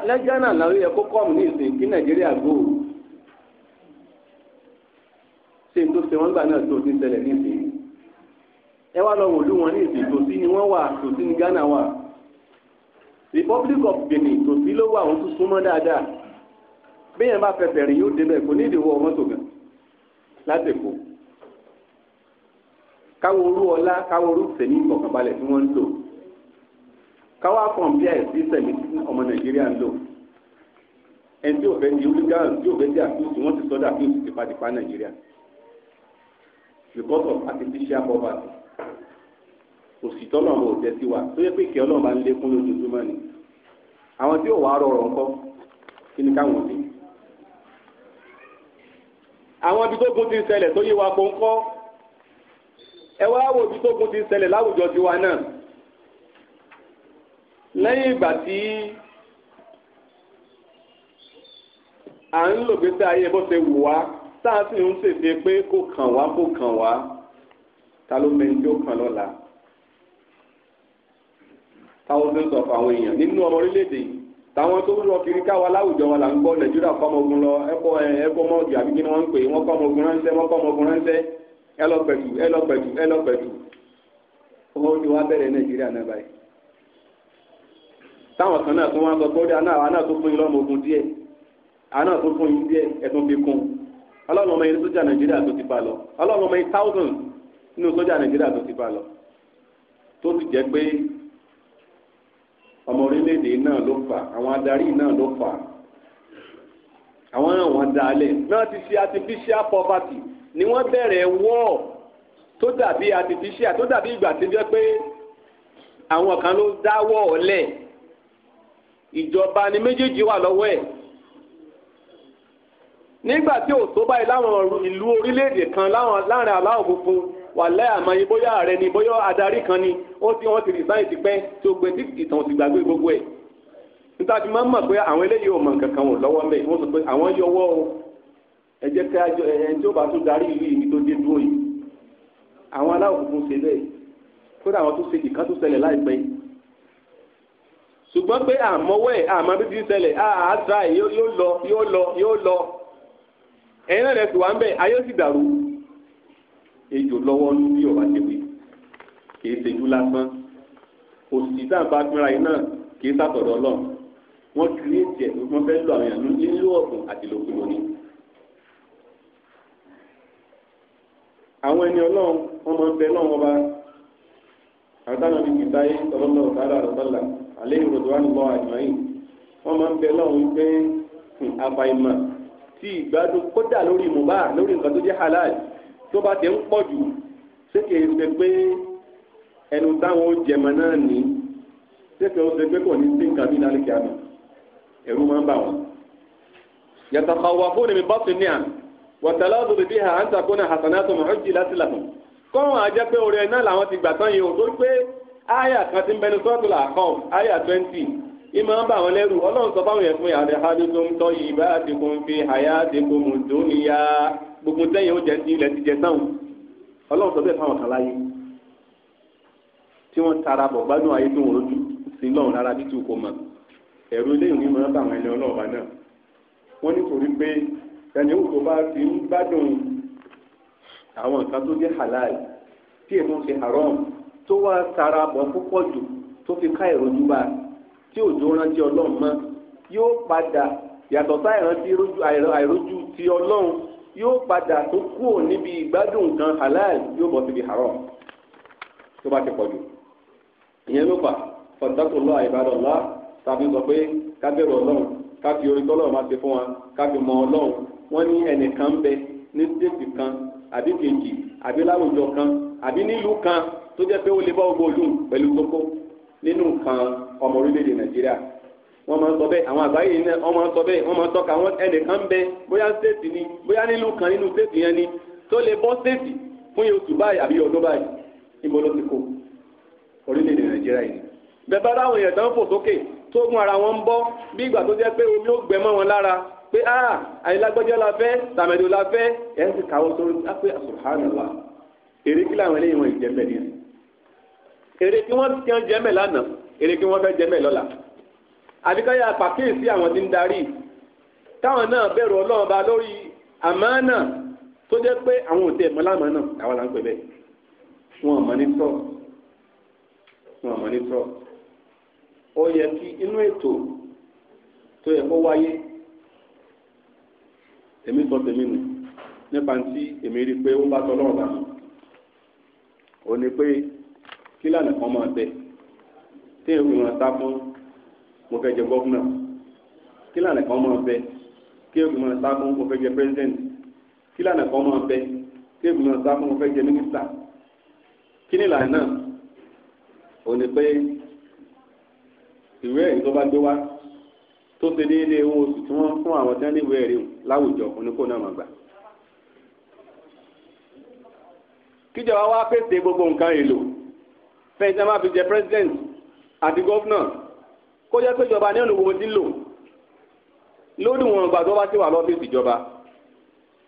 lẹ́gánà làwọn ṣé n tó ṣe wọ́n gbà náà tó ti ṣẹlẹ̀ nísìnyí ẹ wá lọ wòlú wọn ní ìsìn tòsí ni wọ́n wà tòsí ni Ghana wà Republic of Benin tòsí ló wà òun tún súnmọ́ dáadáa bẹ́ẹ̀ bá fẹsẹ̀ rìn yóò débẹ̀ kò ní ìdíwọ́ mọ́tò gan láti kó káwọn orú ọlá káwọn orú sẹ̀mí ìfọ̀kànbalẹ̀ tí wọ́n ń lò káwọn akọ̀ǹpìà ẹ̀sìn sẹ̀mí tí ọmọ Nàìjíríà ń lò ẹni tí ò fẹ́ di olùgbà tí ò fẹ́ di àfíìsì wọ́n ti sọ́dọ̀ àfíìsì tipátipá Nàìjíríà because of artificial poverty òsìtọ́ náà wò tẹ́ sí wa tó yẹ pé ìkẹ́ ọlọ́run bá ń lékún lójoojúmọ́ ni àwọn tí ò wá rọrọ̀ ńkọ́ kí ni káwọn ṣe. àwọn ibi tó gun ti ń ṣẹlẹ̀ tó yé wa kó ń kọ́ ẹ wá wo ibi tó gun ti ń ṣẹlẹ̀ láwùjọ tiwa náà lẹ́yìn ìgbà tí à ń lò ayé bó ṣe wù wá tá a sì ń ṣèṣe pé kò kàn wá kò kàn wá ta ló mẹ́ni tí ó kàn lọ́la thousands of àwọn èèyàn nínú ọmọ orílẹ̀-èdè yìí táwọn tó ń lọ kiri káwa láwùjọ wa là ń gbọ́ nàìjíríà kọ́ ọmọ ogun lọ ẹ̀kọ́ ẹ̀kọ́ mọ́ọ̀gì àbí kí ni wọ́n ń pè wọ́n kọ́ ọmọ ogun ránṣẹ́ wọ́n kọ́ ọmọ ogun ránṣẹ́ ẹ lọ pẹ̀tù ẹ lọ pẹ̀tù ẹ lọ pẹ̀tù owó ni wàá bẹ̀rẹ̀ nàìjíríà náà báyìí. táwọn kan náà tún wá sọ pé ó dé àná àwa náà tó fún yín lọ́mọ ogun díẹ̀ àwa tó fún yín díẹ̀ ẹ̀ tún fi kún un ọlọ́run ọmọ yẹn sójà nàìjíríà tó ti bá lọ ọlọ́run ọmọ yẹn thousand nínú sójà nàìjíríà tó ti bá lọ tó sì jẹ́ pé ọmọ orílẹ̀-èdè náà ló fà àwọn adarí náà ló fà àwọn náà wọ́n dá náà ti ṣe artificial poverty ni wọ́n bẹ̀rẹ̀ wọ́ọ̀ tó dàbí artificial tó dàbí ìgbà tí jẹ́ pé àwọn kan ló dáwọ́ ọ̀lẹ̀ ìjọba ni méjèèjì wà lọ́wọ́ ẹ̀ nígbà tí òtó báyìí láwọn ìlú orílẹ̀-èdè kan láàrin aláwọ̀ funfun wà lẹ́yàmọ́ yìí bóyá ààrẹ ni bóyá adarí kan ni ó ti wọ́n ti resign ti pẹ́ tí ó gbé tí ìtàn ti gbàgbé gbogbo ẹ̀ níta fi máa ń mọ̀ pé àwọn eléyìí ò mọ̀ nǹkan kan wò lọ́wọ́ mẹ́ wọ́n sọ pé àwọn yọwọ́ o ẹ jẹ́ ká ẹni tí ó bá tún darí ìlú yìí tó dé dúró yìí àwọn aláwọ̀ funfun ṣe bẹ́ẹ̀ kódà àwọn tó ṣe ìkan tó ṣẹlẹ̀ láìpẹ́ yìí ṣùgbọ́n pé àmọ́wẹ́ àmọ́ bíbí ṣẹlẹ̀ àá dry yóò lọ yóò lọ yóò lọ ẹ̀yin náà lẹ́sùn wá ń bẹ̀ ayé sì dàrú ejò lọ́wọ́ ń bí ọ̀rọ̀ àjẹwé kì í ṣèjú lásán òsì tá à ń bá pínra yìí náà kì í sàtọ̀dọ̀ ọlọ́run wọ́n kiri ìjẹ́ wọ́n fẹ́ lọ àwọn èèyàn nílò ọ̀gbìn àti lòkùn lónìí. àwọn ẹni ọlọ́run wọ́n máa ń bẹ lọ́wọ́ ọba àtàwọn ibi kìí táyé tọ́lọ́lọ́ sáárà àtọ́là àlẹ́ ìrọ̀dọ̀ wà nílò àjùmáyìn wọ́n máa ń bẹ lọ́wọ́ wípé àfàìmọ̀ ti ìgbádùn kódà lórí mùbá lórí nǹkan tó jẹ́ halal tó bá ti ń pọ̀ jù ṣé kìí ṣe pé ẹnu táwọn jẹmọ náà ní ṣé kìí ṣe pé kò ní sí nǹkan bí lálẹ́ kíá ẹ̀rù máa ń bà wọ́n. yàtọ̀ kọ̀wá fún mi bọ́ọ̀sì ní à wọ̀tẹ́lá òdòdó bí hà ń takùn náà hasanà tó mọ̀ jì láti làkùn. kọ́wọn àjẹ́ pé orin náà làwọn ti gbà tán yìí o torí pé áyà kan ti ń bẹnu sọ́ọ̀tù làkọ́ áyà twenty ìmọ̀ ń bà wọ́n lẹ́rù ọlọ́run sọ fáwọn yẹn fún yàrá rẹ̀ hádùn tó ń tọ́ yìí bá àdínkù ń fi àyà àdínkù mú tó níyà gbogbo tẹ́yìn ó jẹ́ ti ilẹ̀ ti jẹ sáwọn ọlọ́run sọ bẹ́ẹ̀ fáwọn kan láyé tí wọ́n tara bọ̀ gbádùn ayé tó ń rojú sí lọ́run rárá bí tí o kò mọ̀ ẹ̀rù eléyìí ni máa ń bà wọ́n ẹni ọlọ́ọ̀bá náà wọ́n nítorí pé ẹni ó tó bá ti ń gbádùn àwọn nǹkan tó jẹ́ halal tí èèmọ̀ haram tó wá tara bọ̀ púpọ̀ jù tó tí òjò rántí ọlọ́run mọ́ yóò padà yàtọ̀ sí àìrójú ti ọlọ́run yóò padà tó kúrò níbi ìgbádùn nǹkan halal yóò bọ́ síbi haram tó bá ti pọ̀ jù ìyẹn ló fà fọ̀tàkùn lọ àìbàdàn lá tàbí sọ pé ká bẹ̀rù ọlọ́run ká fi orí tọ́lọ́run máa ṣe fún wa ká fi mọ ọlọ́run wọ́n ní ẹnìkan ń bẹ ní stéètì kan àbí kejì àbí láwùjọ kan àbí nílùú kan tó jẹ́ pé ó lè bá ogbó olùn pẹ̀lú kókó nínú nǹkan ọmọ orílẹ̀-èdè nàìjíríà wọ́n máa ń sọ bẹ́ẹ̀ àwọn àgbáyé yìí náà wọ́n máa ń sọ bẹ́ẹ̀ wọ́n máa ń tọ́ka àwọn ẹnìkan bẹ bóyá stéètì ni bóyá nílùú kan nínú stéètì yẹn ni tó lè bọ́ stéètì fún oṣù báyìí àbí ọdún báyìí níbo ló ti kó orílẹ̀-èdè nàìjíríà yìí. bẹ́ẹ̀ bá láwọn èèyàn tán fò sókè tó gun ara wọn ń bọ́ bí ìgbà tó jẹ́ pé omi ó gbẹ mọ́ wọn lára pé a àyílágbẹ́jọ́ la fẹ́ tàmẹ̀dọ̀ la fẹ́ ẹ̀ ń ti kàwọ́ sórí ápẹ́ subhanallah èrè kí làwọn eléyìí wọn ìjẹ́mẹ̀ ni èrè tí wọ́n ti jẹ́mẹ̀ lánàá eré kí wọ́n fẹ́ jẹ mẹ́ lọ́la àbíkáyà pàkíyèsí àwọn tí ń darí táwọn náà bẹ̀rù ọlọ́run ba lórí àmánà tó jẹ́ pé àwọn òtí ẹ̀mọ́ láàmú náà àwọn là ń pè bẹ́ẹ̀ wọn àmọ́ ní tọ́ wọn àmọ́ ní tọ́ ó yẹ kí inú ètò tó yẹ kó wáyé èmi sọ tèmi nù nípa tí èmi rí i pé ó bá tọ́ lọ́rùn bá mi ò ní pé kí kan máa bẹ́ẹ̀ tí èèyàn fi máa sá fún mo fẹ́ jẹ gọ́fúnà kí lànà kan máa bẹ kí èèyàn fi máa sá fún mo fẹ́ jẹ pírẹsidẹ́ǹtì kí lànà kan máa bẹ kí èèyàn fi máa sá fún mo fẹ́ jẹ mínísítà kí ni ìlànà náà ò ní pé ìwé ẹ̀rí tó bá gbé wá tó ṣe déédéé owó oṣù tí wọ́n fún àwọn tí wọ́n ní ìwé ẹ̀rí láwùjọ oníkó náà máa gbà. kíjọba wá pèsè gbogbo nǹkan èlò fẹ́ẹ́ tí wọ́n fi jẹ pírẹsidẹ́ǹtì àti gọ́fúnà kó jẹ́ pé ìjọba ní olùwò ti lò lódì wọn ìgbà tó bá ti wà lọ́fíìsì ìjọba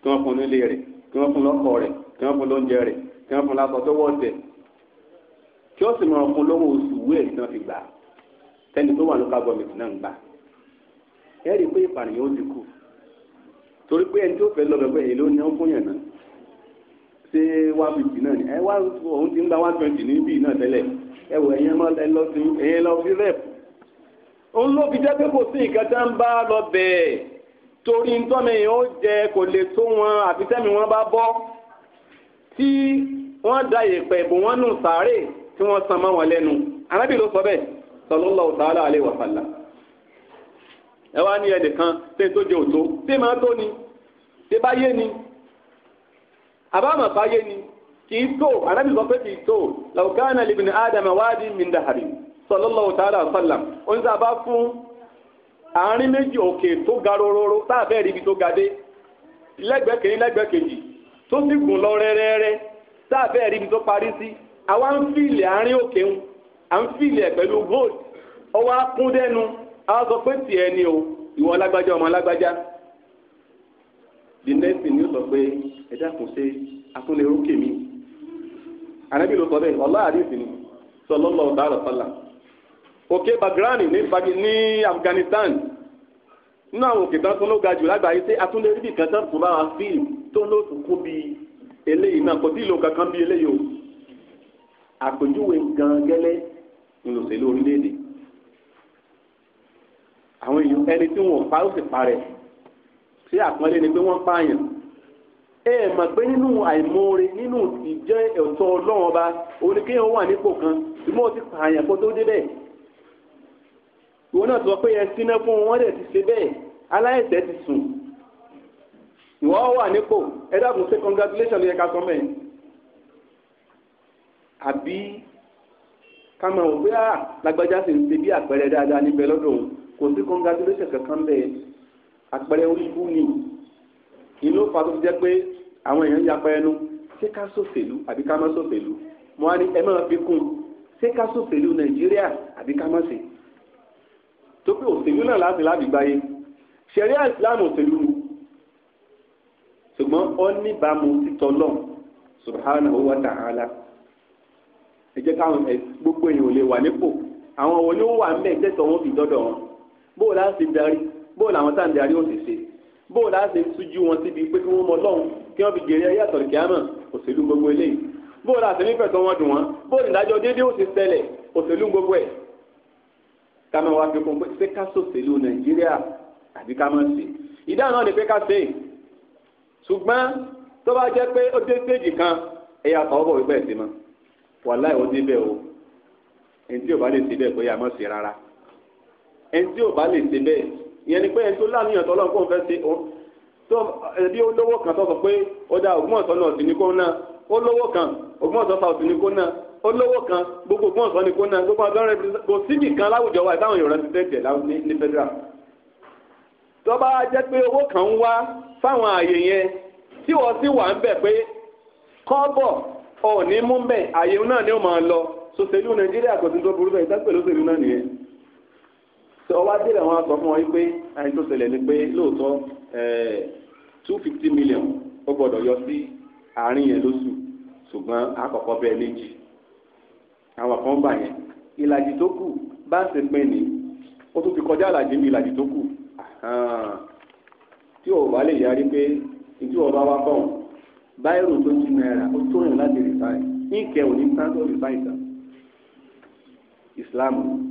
kí wọ́n fún nílé rẹ̀ kí wọ́n fún lọ́kọ̀ rẹ̀ kí wọ́n fún lóúnjẹ rẹ̀ kí wọ́n fún lásọ tó wọ́ọ̀tẹ̀ kí ó sì mọ fún lówó oṣù wẹ́ẹ̀ tí wọ́n fi gbà tẹ́ni tó wà lóka gọ́ọ̀mẹ̀tì náà ń gbà ẹ rí i pé ìpànìyàn ó ti kù torí pé ẹni tó fẹ́ lọ bẹ̀rẹ̀ èló ni ó fún yàn náà ṣé one fifty náà ni ẹ wá òun ti ń gba one twenty níbí náà tẹ́lẹ̀ ẹwọ ẹ̀yẹn mọ́ ẹ lọ sí ẹ̀yẹn lọ sí rẹ̀ òun ló fi jẹ́ pé kò sí nǹkan tá ń bá lọ bẹ̀ẹ́ torí ntọ́mẹ̀yìn ó jẹ kò lè tó wọn àfi tẹ́mi wọn bá bọ́ tí wọ́n da ìpẹ̀ bò wọ́n nù sàárè tí wọ́n san mọ́ wọn lẹ́nu arábì ló sọ bẹ́ẹ̀ sallallahu ta'ala alaihi wa sallam ẹ wá ní ẹnìkan tẹ tó jẹ òtó tẹ máa tó ni tẹ bá yé ni àbámọ̀ bá ni kìí tó anábì kìí tó làwùkánà libni ádámà wáàdì mìndàhàrì sallallahu ta'ala sallam oní tá a bá fún àárín méjì òkè tó ga rororo rí ibi tó ga lẹ́gbẹ̀ẹ́ kìíní lẹ́gbẹ̀ẹ́ kejì tó sì ibi ìwọ alágbájá ọmọ alágbájá the next thing sọ pé ẹ ànábì ló sọ bẹ́ẹ̀ ọlá àdìsí ni sọlọ́lọ́ ọ̀dàrà sọlá òkè Bagrani ní Afghanistan nínú àwọn òkè kan tó ló ga jù lágbàáyé ṣé atúndé ríbi kan tó bá wa fíìmù tó ló kú bí eléyìí náà kò tí ì lo kankan bí eléyìí o àpèjúwe gan gẹ́lẹ́ ńlọsẹ̀lẹ̀ orílẹ̀-èdè àwọn èèyàn ẹni tí wọn ò pa ó sì parẹ́ ṣé àpọ́nlé ni pé wọ́n pààyàn ẹ mọ̀ pé nínú àìmọ́re nínú ìjẹ́ ẹ̀tọ́ ọlọ́run ọba oníkéèyàn wà nípò kan ṣùgbọ́n ó ti pààyàn kó tó débẹ̀ ìwọ náà sọ pé ẹ síná fún wọn dẹ̀ ti ṣe bẹ́ẹ̀ aláìsẹ̀ ti sùn ìwọ wà nípò ẹ dákun ṣe congratulation ló yẹ ká sọ mẹ́ẹ̀ àbí ká máa wò pé à ah, lágbájá sì ń ṣe bí àpẹẹrẹ dáadáa níbẹ̀ lọ́dọ̀ kò sí congratulation kankan bẹ́ẹ̀ àpẹẹrẹ orí ibú nìyí ìlú fa tó fi jẹ́ pé àwọn èèyàn yapa ẹnu ṣé ká ṣòṣèlú àbí ká má ṣòṣèlú mo wá ní ẹ máa fi kún un ṣé ká ṣòṣèlú nàìjíríà àbí ká má ṣe tó pé òṣèlú náà láti láti gbáyé ṣẹ̀ríà ìsìláàmù òṣèlú mu ṣùgbọ́n ó níbàámu títọ́ lọ́n subhanahu wa ala ẹ jẹ́ káwọn gbogbo èèyàn ò lè wà nípò àwọn wo ni ó wà ń bẹ̀ jẹ́sọ̀ wọn fi dọ́dọ̀ wọn bóòlù á darí bóòlù àwọn tá à sì ṣe bóòlù àti ìtújú wọn síbi pé kí wọ́n mọ Ọlọ́run kí wọ́n fi jèrè ayé àtọ̀rọ̀ kíámà òṣèlú gbogbo eléyìí bóòlù àti nífẹ̀ẹ́tọ́ wọn dùn wọn bóòlù ìdájọ́ déédéé ó ti ṣẹlẹ̀ òṣèlú gbogbo ẹ̀ kámẹ́ wá fi kún pé ṣé ká sòṣèlú Nàìjíríà àbí ká má ṣe ìdáhùn náà ni pé ká ṣe ṣùgbọ́n tó bá jẹ́ pé ó dé stéèjì kan ẹ̀yà kan o ẹni tí ìyẹn ni pé ẹni tó láníyàn tọ́lọ́ kó ń fẹ́ ṣe tó ẹbí olówó kan tó sọ pé ó dá Ògbómọ̀ṣọ́ náà sí ní kó náà olówó kan Ògbómọ̀ṣọ́ south ní kó náà olówó kan gbogbo Ògbómọ̀ṣọ́ ní kó náà gbogbo agbára rẹ kò síbì kan láwùjọ wa ìtàwọn èèyàn rẹ ti tẹ̀tẹ̀ ní federal tó bá jẹ́ pé owó kan ń wá fáwọn àyè yẹn tí wọ́n sì wà ń bẹ̀ pé kọ́bọ̀ ọ̀ọ́ni mú bẹ̀ àyè náà ni ó máa lọ sòṣèlú Nàìjíríà kò sí tó burú bẹ́ẹ̀ ìtàkùn pẹ̀lú òṣèlú náà nìyẹn tó ọwọ́ adéèrè àwọn akọ fún ọ wípé àyìn tó ṣẹlẹ̀ ni pé lóòótọ́ two fifty million ó gbọ́dọ̀ yọ sí àárín yẹn lóṣù ṣùgbọ́n àkọ́kọ́ bẹ́ẹ̀ méjì àwọn kan gbà yẹn ìlàjì tó kù bá ń ṣe pé ní ó tún fi kọjá àlàjì bí ìlàjì tó kù tí ò bá lè yarí pé ìdí ọba wa bọ̀ báyìí tó ti náírà ó tó yàn láti rìsáì ní ìkẹ́ òní sáńtó rìsáì tán ìsìláàmù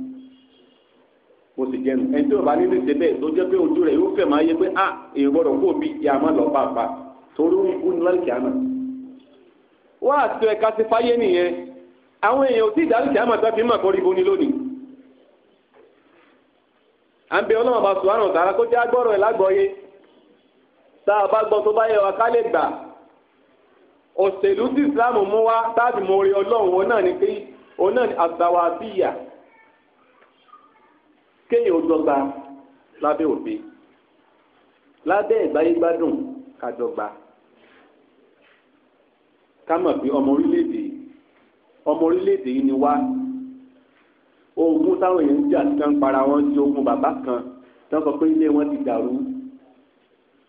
ó sì jẹnu ẹni tí òbá nílé ṣe bẹ́ẹ̀ tó jẹ́ pé ojú rẹ̀ yóò fẹ́ máa yẹ pé a ah, èèyàn gbọ́dọ̀ kó bí ìyá máa lọ pàápàá torí ó ń kú ní láìkí àná. wá àti ẹ̀ka ti fáyé nìyẹn àwọn èèyàn ò tí ì dáríkì àmọ̀ tó fi mọ̀ kọ́ ríbo ni lónìí. à ń bẹ ọlọ́run bá sùn àrùn tààrà kó jẹ́ agbọ́rọ̀ ẹ̀ lágbọ́yé tá a bá gbọ́ tó bá yẹ wa ká lè gbà òṣèlú tí ìsìláàmù mú wá táàbì mọ ọlọ́run kéèyàn ó dọ́gba lábẹ́ òfin lábẹ́ ìgbáyégbádùn ká dọ́gba ká mọ̀ pé ọmọ orílẹ̀-èdè ọmọ orílẹ̀-èdè yìí ni wá ogun táwọn èèyàn ń jà tí wọ́n ń para wọn sí ogun bàbá kan tí wọ́n sọ pé ilé wọn ti dàrú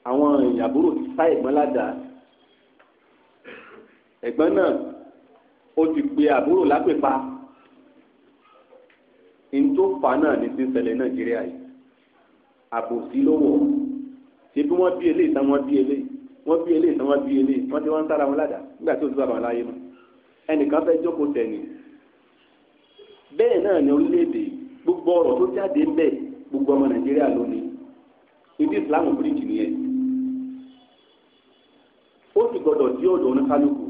àwọn èèyàn àbúrò ti sá ẹ̀gbọ́n ládàá ẹ̀gbọ́n náà ó ti pe àbúrò lápèpa ní tó fà náà ní ti ń ṣẹlẹ̀ nàìjíríà yìí àbòsí ló wọ̀ ṣé bí wọ́n bí eléyìí tán wọ́n bí eléyìí wọ́n bí eléyìí tán wọ́n bí eléyìí wọ́n ti wọ́n ń sára wọn ládàá nígbà tí òṣìṣẹ́ àwọn aláyé mọ́ ẹnìkan fẹ́ jókòó tẹ̀lé bẹ́ẹ̀ náà ní orílẹ̀-èdè gbogbo ọ̀rọ̀ tó jáde ń bẹ̀ gbogbo ọmọ nàìjíríà lónìí ibi ìsìlámù bíríìjì nìyẹn ó sì gbọdọ̀ dí ọ̀dọ̀ oníkálukú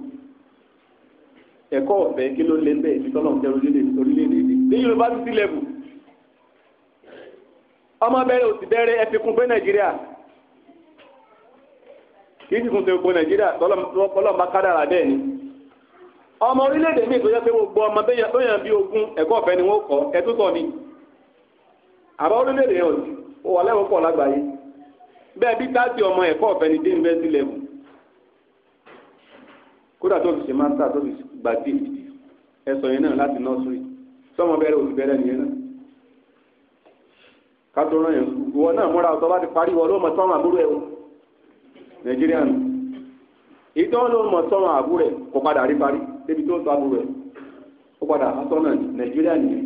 ẹ̀kọ́ ọ̀fẹ́ kí ló lé bẹ́ẹ̀ ní tọ́lọ̀ orílẹ̀-èdè ní yunifásitì level ọmọ bẹ̀rẹ̀ òsì bẹ̀rẹ̀ ẹ fi kún pé nàìjíríà kì í sì kún pé gbogbo nàìjíríà tọ́lọ̀ bá kádàrà bẹ́ẹ̀ ni ọmọ orílẹ̀-èdè tó yẹ pé gbogbo ọmọ tó yàn bí ogún ni sọ ni àbá yẹn ò lágbàáyé bí ọmọ ni dé kódà tó fi ṣe mástà tó fi gbà dé ẹsọ yẹn náà láti nọ́ọ̀sì sọmọ bẹ̀rẹ̀ òsì bẹ̀rẹ̀ nìyẹn náà kátó rán yẹn ìwọ náà múra ọ̀tọ̀ bá ti parí ìwọ ló mọ̀ tọ́mọ àbúrò ẹ̀ o nàìjíríà nù ìtọ́ ló mọ̀ tọ́mọ àbúrò ẹ̀ kò padà rí parí débi tó ń tọ́ àbúrò ẹ̀ ó padà sọ́nà nàìjíríà nìyẹn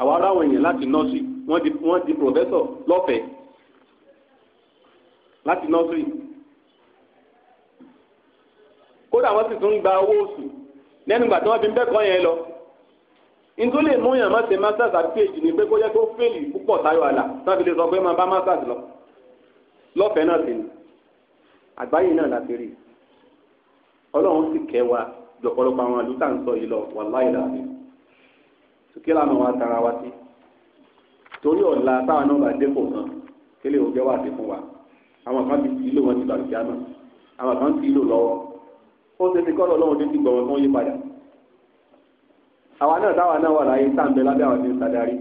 àwa aráwọ̀ èèyàn láti nọ́ọ̀sì wọ́n di wọ́n kódà wọ́n sì tún gba owó oṣù lẹ́nu ìgbà tí wọ́n fi ń bẹ́kọ̀ọ́ yẹn lọ nítorí lè mú yàn má ṣe masters àti phd ni pé kó yẹ kó fèlì púpọ̀ táyọ̀ àlà tán fi lè sọ pé máa bá masters lọ lọ́fẹ̀ẹ́ náà sì ni àgbáyé náà láti rí ọlọ́run sì kẹ́ wa jọ̀pọ̀lọpọ̀ àwọn àlùtà ń sọ yìí lọ wàláì láàbí sókè lànà wa tara wa sí torí ọ̀la táwọn náà bá dépò kan kí lè òjẹ́ wà dé fún wa àwọn kan ti fi ìlò wọn ti bàlùkì àná àwọn kan ti ìlò lọ́wọ́ ó ṣe ti kọ́lọ̀ lọ́wọ́ títí gbọ̀wọ́ tó ń yí padà àwa náà táwa náà wà láyé sáǹbẹ lábẹ́ àwọn tí ń sadarí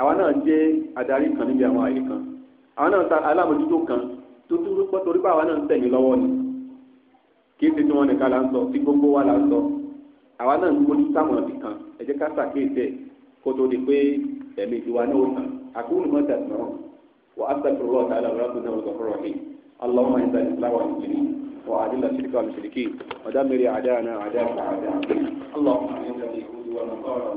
àwa náà jẹ́ adarí kan níbi àwọn àyè kan àwa náà ta alámòjútó kan tó tún rúpọ́ torí pé àwa náà ń tẹ̀lé lọ́wọ́ ni kì í ṣe tí wọ́n nìkan là ń sọ tí gbogbo wa là ń sọ àwa náà ń gbójú sáwọn ibì kan ẹ jẹ́ ká ṣàkíyèsí ẹ̀ kó tó di pé ẹ̀mí tiwa náà ó tàn àkúrò mọ́tà náà wà á sàkúrò lọ́ọ̀tà àlàbàrà tó náà ó sọ اللهم انت الاسلام والمسلمين وأذل الشرك والمشركين ودمر أعداءنا أعداءك أعداء اللهم انت اليهود والنصارى